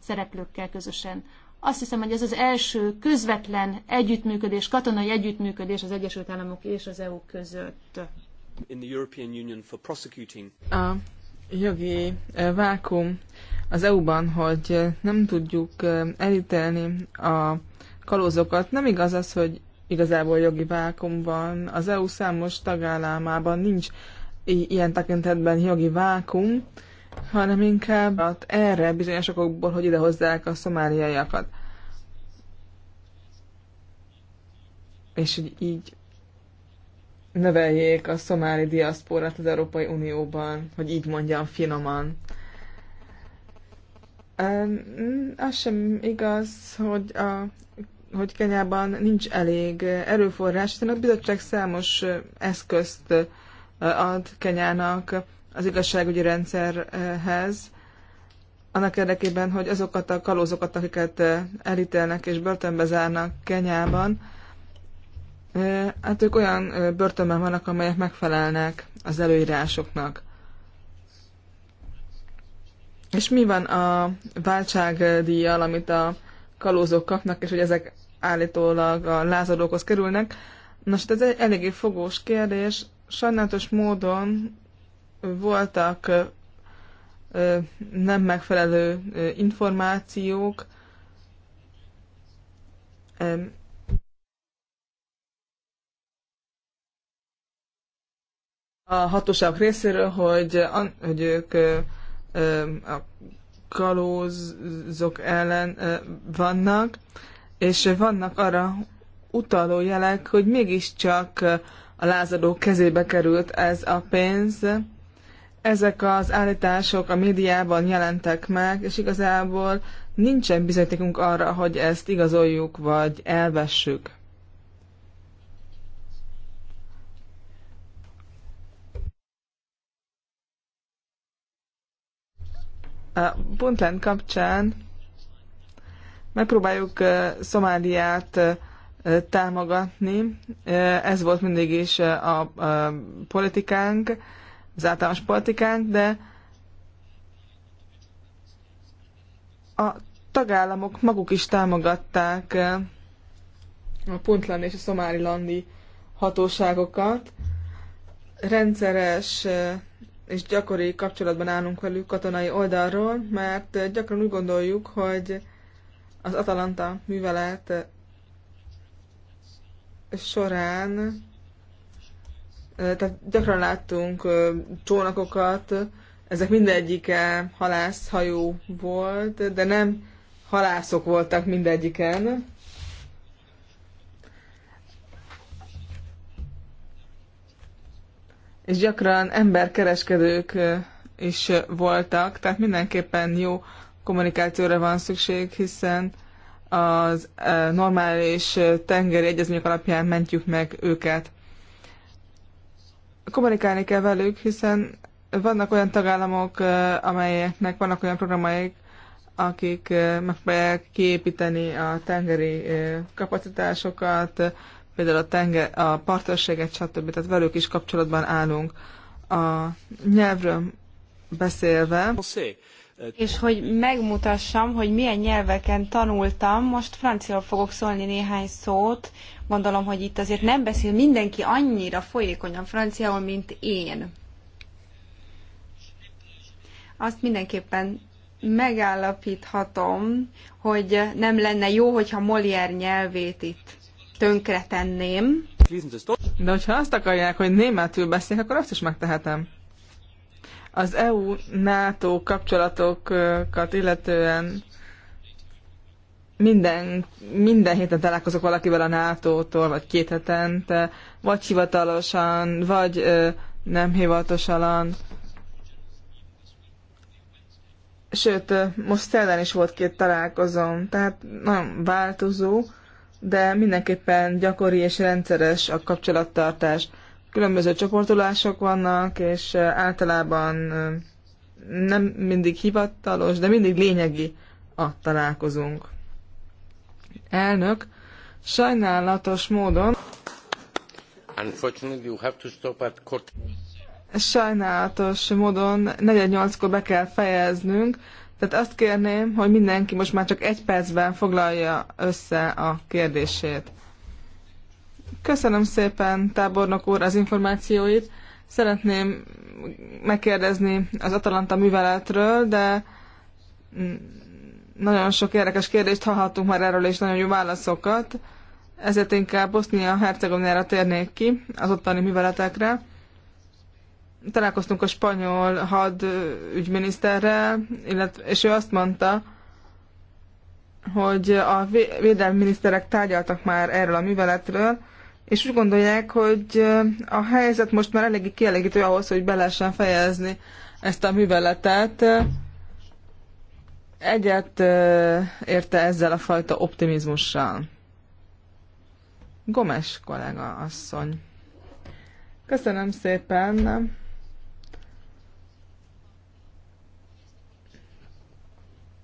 szereplőkkel közösen. Azt hiszem, hogy ez az első közvetlen együttműködés, katonai együttműködés az Egyesült Államok és az EU között. A jogi vákum az EU-ban, hogy nem tudjuk elítélni a kalózokat. Nem igaz az, hogy igazából jogi vákum van. Az EU számos tagállamában nincs ilyen tekintetben jogi vákum, hanem inkább erre bizonyos okokból, hogy idehozzák a szomáliaiakat. És hogy így növeljék a szomáli diaszporát az Európai Unióban, hogy így mondjam finoman. Az sem igaz, hogy a hogy Kenyában nincs elég erőforrás, hiszen a bizottság számos eszközt ad Kenyának az igazságügyi rendszerhez, annak érdekében, hogy azokat a kalózokat, akiket elítélnek és börtönbe zárnak Kenyában, hát ők olyan börtönben vannak, amelyek megfelelnek az előírásoknak. És mi van a váltságdíjjal, amit a kalózok kapnak, és hogy ezek állítólag a lázadókhoz kerülnek. Nos, hát ez egy eléggé fogós kérdés. Sajnálatos módon voltak nem megfelelő információk, a hatóság részéről, hogy, hogy ők a kalózok ellen vannak, és vannak arra utaló jelek, hogy mégiscsak a lázadó kezébe került ez a pénz. Ezek az állítások a médiában jelentek meg, és igazából nincsen bizonyítékunk arra, hogy ezt igazoljuk vagy elvessük. A Puntland kapcsán Megpróbáljuk Szomáliát támogatni. Ez volt mindig is a politikánk, az általános politikánk, de a tagállamok maguk is támogatták a Puntland és a Szomálilandi hatóságokat. Rendszeres és gyakori kapcsolatban állunk velük katonai oldalról, mert gyakran úgy gondoljuk, hogy az Atalanta művelet eh, során eh, tehát gyakran láttunk eh, csónakokat, ezek mindegyike halászhajó volt, de nem halászok voltak mindegyiken. És gyakran emberkereskedők is voltak, tehát mindenképpen jó kommunikációra van szükség, hiszen az normális tengeri egyezmények alapján mentjük meg őket. Kommunikálni kell velük, hiszen vannak olyan tagállamok, amelyeknek vannak olyan programaik, akik megpróbálják kiépíteni a tengeri kapacitásokat, például a, tenger, a partnerséget, stb. Tehát velük is kapcsolatban állunk. A nyelvről beszélve és hogy megmutassam, hogy milyen nyelveken tanultam, most franciaul fogok szólni néhány szót. Gondolom, hogy itt azért nem beszél mindenki annyira folyékonyan franciául, mint én. Azt mindenképpen megállapíthatom, hogy nem lenne jó, hogyha Molière nyelvét itt tönkretenném. De hogyha azt akarják, hogy németül beszéljek, akkor azt is megtehetem. Az EU-NATO kapcsolatokat illetően minden, minden héten találkozok valakivel a NATO-tól, vagy két hetente, vagy hivatalosan, vagy ö, nem hivatalosan. Sőt, most szerdán is volt két találkozom, tehát nagyon változó, de mindenképpen gyakori és rendszeres a kapcsolattartás különböző csoportolások vannak, és általában nem mindig hivatalos, de mindig lényegi a találkozunk. Elnök, sajnálatos módon Unfortunately, you have to stop at court. Sajnálatos módon 48-kor be kell fejeznünk, tehát azt kérném, hogy mindenki most már csak egy percben foglalja össze a kérdését. Köszönöm szépen, tábornok úr, az információit. Szeretném megkérdezni az Atalanta műveletről, de nagyon sok érdekes kérdést hallhattunk már erről, és nagyon jó válaszokat. Ezért inkább Bosznia-Hercegovinára térnék ki, az ottani műveletekre. Találkoztunk a spanyol hadügyminiszterrel, illetve, és ő azt mondta, hogy a védelmi miniszterek tárgyaltak már erről a műveletről, és úgy gondolják, hogy a helyzet most már eléggé kielégítő ahhoz, hogy be lehessen fejezni ezt a műveletet. Egyet érte ezzel a fajta optimizmussal. Gomes kollega asszony. Köszönöm szépen.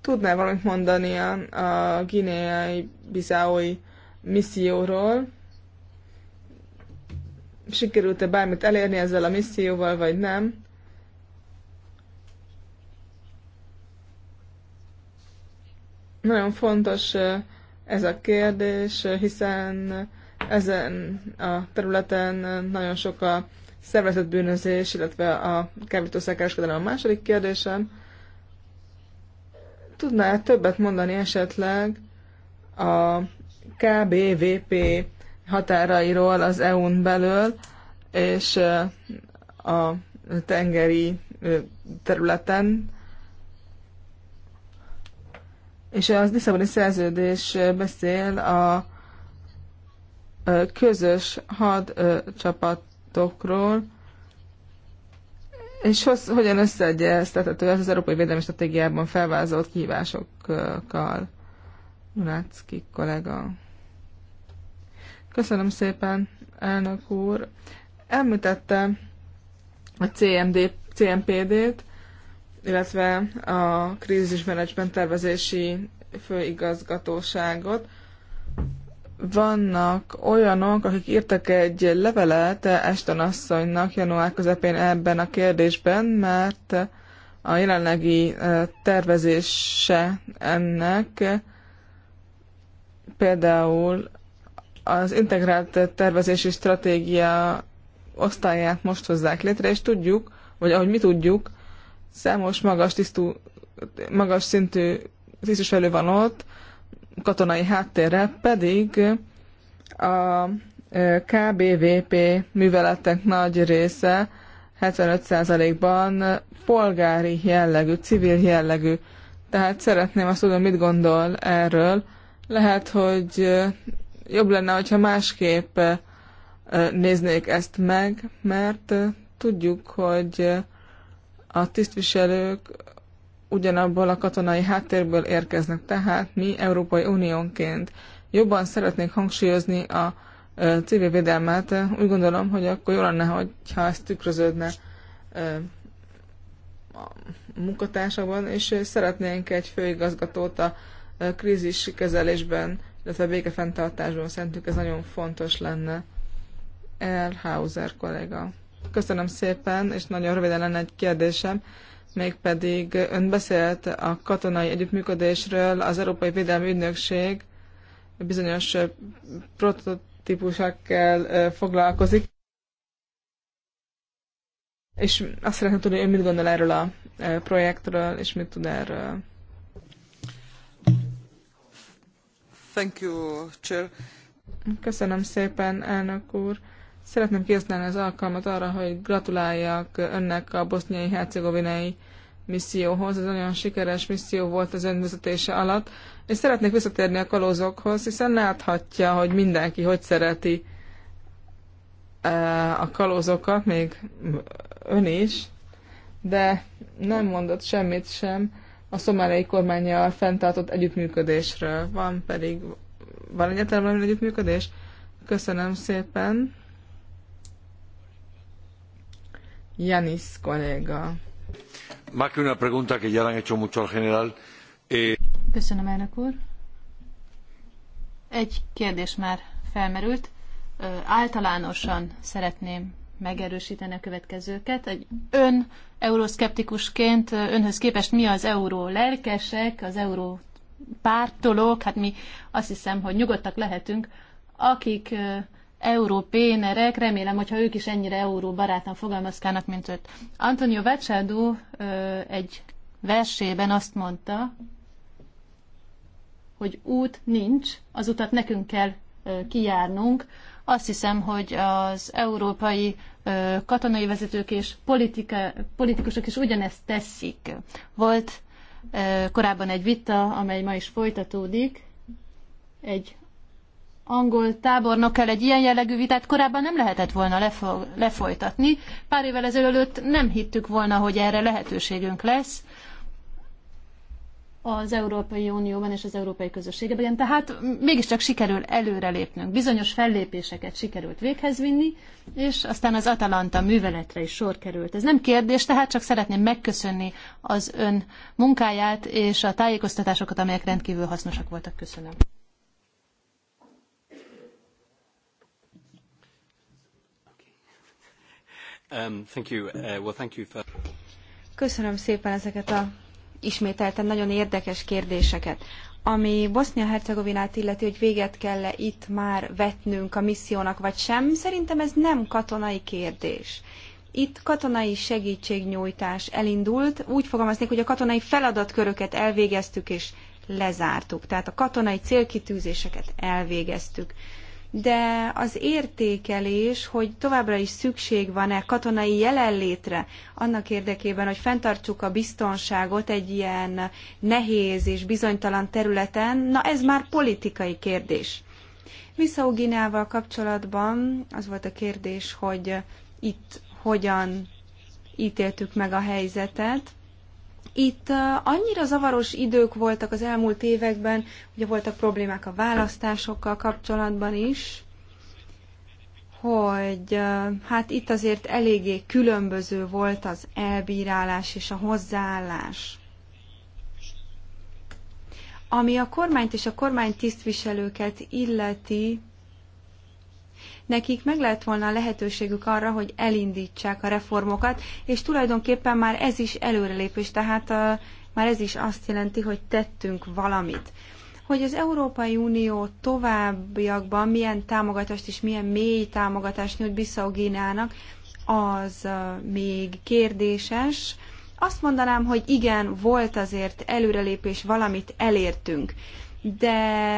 Tudnál valamit mondani a, a gineai bizáói misszióról? sikerült-e bármit elérni ezzel a misszióval, vagy nem. Nagyon fontos ez a kérdés, hiszen ezen a területen nagyon sok a szervezetbűnözés, illetve a kábítószerkereskedelem a második kérdésem. Tudná -e többet mondani esetleg a KBVP határairól az EU-n belül, és a tengeri területen, és az Lisszaboni szerződés beszél a közös hadcsapatokról, és hoz, hogyan összeegyeztethető ez az Európai Védelmi Stratégiában felvázolt kihívásokkal? Nulácki kollega. Köszönöm szépen, elnök úr. Említette a CMD, CMPD-t, illetve a krízismenedzsment tervezési főigazgatóságot. Vannak olyanok, akik írtak egy levelet Esten asszonynak január közepén ebben a kérdésben, mert a jelenlegi tervezése ennek például az integrált tervezési stratégia osztályát most hozzák létre, és tudjuk, vagy ahogy mi tudjuk, számos magas, tisztú, magas szintű tisztviselő van ott, katonai háttérrel, pedig a KBVP műveletek nagy része 75%-ban polgári jellegű, civil jellegű. Tehát szeretném azt tudom, mit gondol erről. Lehet, hogy jobb lenne, hogyha másképp eh, néznék ezt meg, mert eh, tudjuk, hogy eh, a tisztviselők ugyanabból a katonai háttérből érkeznek, tehát mi Európai Uniónként jobban szeretnénk hangsúlyozni a civil védelmet, úgy gondolom, hogy akkor jó lenne, hogyha ez tükröződne a munkatársakban, és szeretnénk egy főigazgatót a krízis kezelésben illetve fenntartásban szerintük ez nagyon fontos lenne. Hauser kollega. Köszönöm szépen, és nagyon röviden lenne egy kérdésem, mégpedig ön beszélt a katonai együttműködésről, az Európai Védelmi Ügynökség bizonyos prototípusokkal foglalkozik. És azt szeretném tudni, hogy mit gondol erről a projektről, és mit tud erről. Köszönöm szépen, Szeretném kihasználni az alkalmat arra, hogy gratuláljak önnek a boszniai hercegovinai misszióhoz. Ez nagyon sikeres misszió volt az ön vezetése alatt. És szeretnék visszatérni a kalózokhoz, hiszen láthatja, hogy mindenki hogy szereti e, a kalózokat, még ön is, de nem mondott semmit sem a szomáliai kormányjal fenntartott együttműködésről. Van pedig, van egyetlen valami együttműködés? Köszönöm szépen. Janis kolléga. Más que una pregunta que ya le han hecho mucho al general. Eh, Köszönöm, elnök úr. Egy kérdés már felmerült. általánosan szeretném megerősíteni a következőket. Egy ön euroszkeptikusként önhöz képest mi az euró lelkesek, az euró pártolók, hát mi azt hiszem, hogy nyugodtak lehetünk, akik európénerek, remélem, hogyha ők is ennyire euróbarátan fogalmazkának, mint őt. Antonio Vecsadó egy versében azt mondta, hogy út nincs, az utat nekünk kell kijárnunk. Azt hiszem, hogy az európai katonai vezetők és politika, politikusok is ugyanezt teszik. Volt korábban egy vita, amely ma is folytatódik, egy angol tábornokkal egy ilyen jellegű vitát korábban nem lehetett volna lefolytatni. Pár évvel ezelőtt nem hittük volna, hogy erre lehetőségünk lesz, az Európai Unióban és az Európai Közösségben. Tehát mégiscsak sikerül előrelépnünk. Bizonyos fellépéseket sikerült véghez vinni, és aztán az Atalanta műveletre is sor került. Ez nem kérdés, tehát csak szeretném megköszönni az ön munkáját és a tájékoztatásokat, amelyek rendkívül hasznosak voltak. Köszönöm. Um, uh, Köszönöm szépen ezeket a ismételten nagyon érdekes kérdéseket. Ami Bosznia-Hercegovinát illeti, hogy véget kell -e itt már vetnünk a missziónak, vagy sem, szerintem ez nem katonai kérdés. Itt katonai segítségnyújtás elindult, úgy fogalmaznék, hogy a katonai feladatköröket elvégeztük és lezártuk. Tehát a katonai célkitűzéseket elvégeztük de az értékelés, hogy továbbra is szükség van-e katonai jelenlétre annak érdekében, hogy fenntartsuk a biztonságot egy ilyen nehéz és bizonytalan területen, na ez már politikai kérdés. Visszau kapcsolatban az volt a kérdés, hogy itt hogyan ítéltük meg a helyzetet. Itt annyira zavaros idők voltak az elmúlt években, ugye voltak problémák a választásokkal kapcsolatban is, hogy hát itt azért eléggé különböző volt az elbírálás és a hozzáállás. Ami a kormányt és a kormány tisztviselőket illeti, nekik meg lett volna a lehetőségük arra, hogy elindítsák a reformokat, és tulajdonképpen már ez is előrelépés, tehát uh, már ez is azt jelenti, hogy tettünk valamit. Hogy az Európai Unió továbbiakban milyen támogatást és milyen mély támogatást nyújt Bissau Gínának, az még kérdéses. Azt mondanám, hogy igen, volt azért előrelépés, valamit elértünk de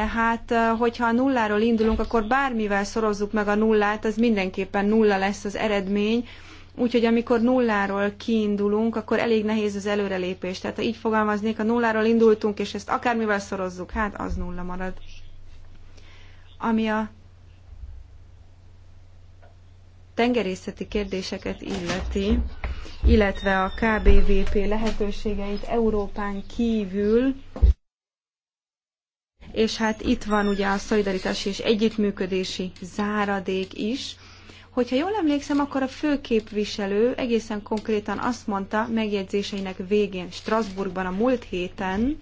hát hogyha nulláról indulunk, akkor bármivel szorozzuk meg a nullát, az mindenképpen nulla lesz az eredmény, úgyhogy amikor nulláról kiindulunk, akkor elég nehéz az előrelépés. Tehát ha így fogalmaznék, a nulláról indultunk, és ezt akármivel szorozzuk, hát az nulla marad. Ami a tengerészeti kérdéseket illeti, illetve a KBVP lehetőségeit Európán kívül, és hát itt van ugye a szolidaritási és együttműködési záradék is. Hogyha jól emlékszem, akkor a főképviselő egészen konkrétan azt mondta megjegyzéseinek végén Strasbourgban a múlt héten,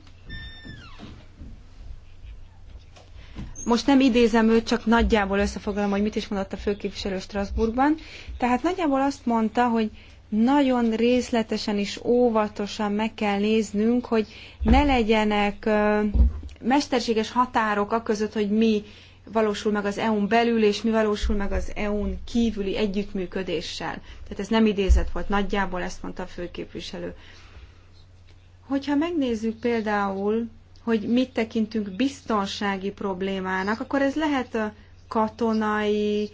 most nem idézem őt, csak nagyjából összefoglalom, hogy mit is mondott a főképviselő Strasbourgban. Tehát nagyjából azt mondta, hogy nagyon részletesen és óvatosan meg kell néznünk, hogy ne legyenek mesterséges határok aközött, hogy mi valósul meg az EU-n belül, és mi valósul meg az EU-n kívüli együttműködéssel. Tehát ez nem idézet volt, nagyjából ezt mondta a főképviselő. Hogyha megnézzük például, hogy mit tekintünk biztonsági problémának, akkor ez lehet a katonai,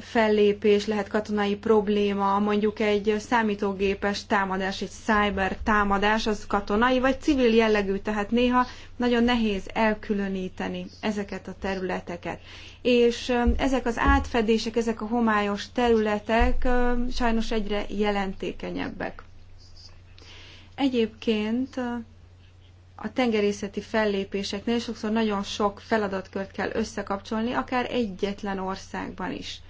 fellépés, lehet katonai probléma, mondjuk egy számítógépes támadás, egy cyber támadás, az katonai vagy civil jellegű, tehát néha nagyon nehéz elkülöníteni ezeket a területeket. És ezek az átfedések, ezek a homályos területek sajnos egyre jelentékenyebbek. Egyébként a tengerészeti fellépéseknél sokszor nagyon sok feladatkört kell összekapcsolni, akár egyetlen országban is.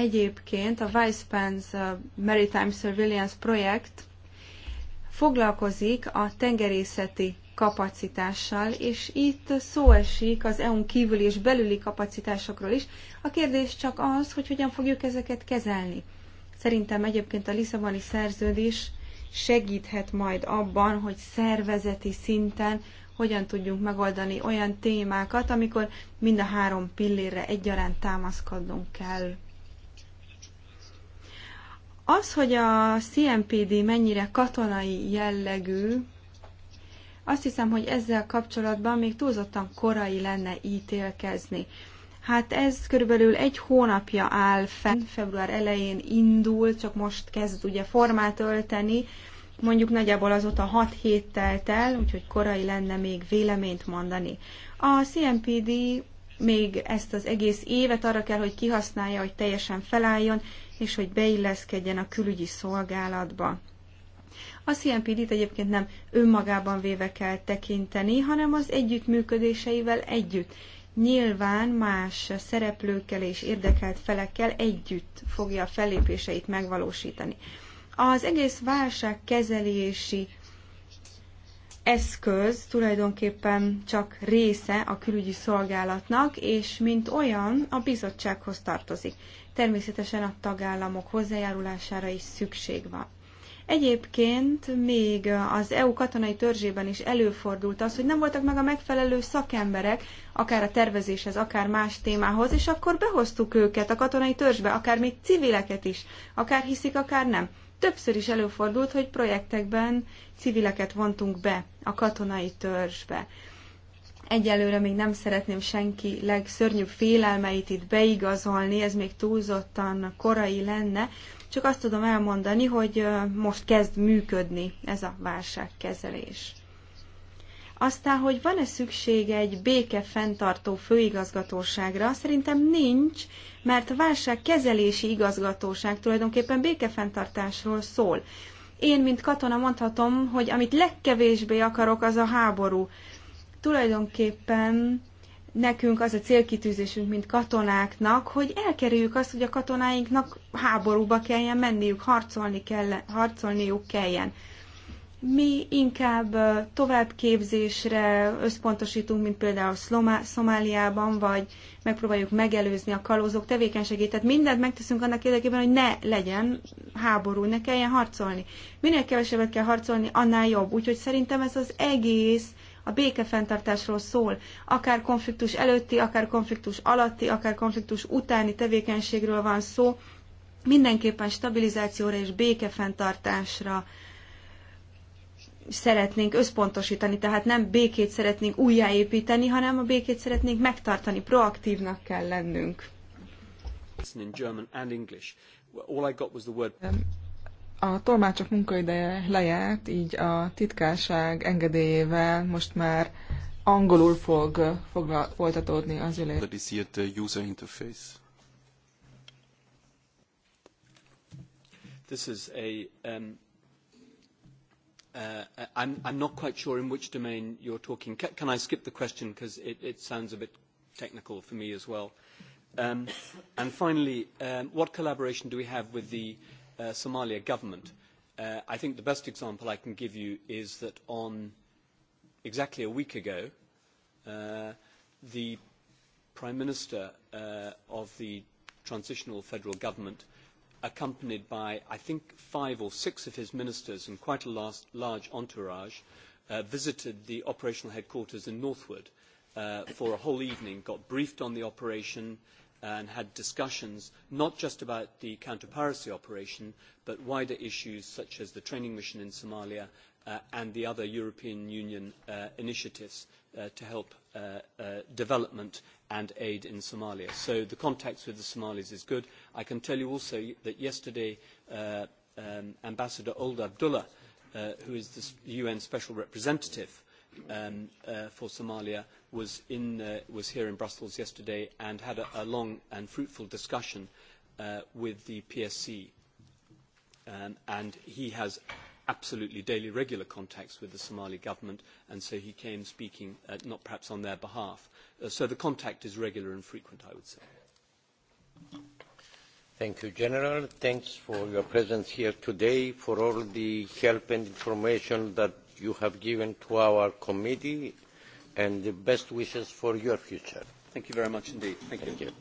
Egyébként a Vice-Pence uh, Maritime Surveillance projekt foglalkozik a tengerészeti kapacitással, és itt szó esik az EU-n kívüli és belüli kapacitásokról is. A kérdés csak az, hogy hogyan fogjuk ezeket kezelni. Szerintem egyébként a Lisszaboni szerződés segíthet majd abban, hogy szervezeti szinten hogyan tudjunk megoldani olyan témákat, amikor mind a három pillérre egyaránt támaszkodnunk kell. Az, hogy a CMPD mennyire katonai jellegű, azt hiszem, hogy ezzel kapcsolatban még túlzottan korai lenne ítélkezni. Hát ez körülbelül egy hónapja áll fenn, február elején indul, csak most kezd ugye formát ölteni, mondjuk nagyjából azóta 6 hét telt el, úgyhogy korai lenne még véleményt mondani. A CMPD még ezt az egész évet arra kell, hogy kihasználja, hogy teljesen felálljon, és hogy beilleszkedjen a külügyi szolgálatba. A CNPD-t egyébként nem önmagában véve kell tekinteni, hanem az együttműködéseivel együtt. Nyilván más szereplőkkel és érdekelt felekkel együtt fogja a fellépéseit megvalósítani. Az egész válságkezelési eszköz tulajdonképpen csak része a külügyi szolgálatnak, és mint olyan a bizottsághoz tartozik természetesen a tagállamok hozzájárulására is szükség van. Egyébként még az EU katonai törzsében is előfordult az, hogy nem voltak meg a megfelelő szakemberek, akár a tervezéshez, akár más témához, és akkor behoztuk őket a katonai törzsbe, akár még civileket is, akár hiszik, akár nem. Többször is előfordult, hogy projektekben civileket vontunk be a katonai törzsbe. Egyelőre még nem szeretném senki legszörnyűbb félelmeit itt beigazolni, ez még túlzottan korai lenne, csak azt tudom elmondani, hogy most kezd működni ez a válságkezelés. Aztán, hogy van-e szüksége egy béke fenntartó főigazgatóságra, szerintem nincs, mert a válságkezelési igazgatóság tulajdonképpen békefenntartásról szól. Én, mint katona mondhatom, hogy amit legkevésbé akarok, az a háború. Tulajdonképpen nekünk az a célkitűzésünk, mint katonáknak, hogy elkerüljük azt, hogy a katonáinknak háborúba kelljen menniük, harcolni kell, harcolniuk kelljen. Mi inkább továbbképzésre összpontosítunk, mint például Szlomá- Szomáliában, vagy megpróbáljuk megelőzni a kalózok tevékenységét. Tehát mindent megteszünk annak érdekében, hogy ne legyen háború, ne kelljen harcolni. Minél kevesebbet kell harcolni, annál jobb. Úgyhogy szerintem ez az egész a békefenntartásról szól, akár konfliktus előtti, akár konfliktus alatti, akár konfliktus utáni tevékenységről van szó, mindenképpen stabilizációra és békefenntartásra szeretnénk összpontosítani, tehát nem békét szeretnénk újjáépíteni, hanem a békét szeretnénk megtartani, proaktívnak kell lennünk. A tolmácsok munkaideje lejárt, így a titkárság engedélyével most már angolul fog folytatódni az ülés. This is a um, uh, uh, I'm, I'm not quite sure in which domain you're talking. Can, can I skip the question because it, it sounds a bit technical for me as well? Um, and finally, um, what collaboration do we have with the Uh, Somalia government. Uh, I think the best example I can give you is that on exactly a week ago, uh, the Prime Minister uh, of the transitional federal government, accompanied by I think five or six of his ministers and quite a last, large entourage, uh, visited the operational headquarters in Northwood uh, for a whole evening, got briefed on the operation, uh, and had discussions not just about the counter-piracy operation, but wider issues such as the training mission in Somalia uh, and the other European Union uh, initiatives uh, to help uh, uh, development and aid in Somalia. So the contacts with the Somalis is good. I can tell you also that yesterday uh, um, Ambassador Old Abdullah, uh, who is the UN Special Representative um, uh, for Somalia, was, in, uh, was here in Brussels yesterday and had a, a long and fruitful discussion uh, with the PSC. Um, and he has absolutely daily regular contacts with the Somali government, and so he came speaking, uh, not perhaps on their behalf. Uh, so the contact is regular and frequent, I would say. Thank you, General. Thanks for your presence here today, for all the help and information that you have given to our committee and the best wishes for your future. Thank you very much indeed. Thank you.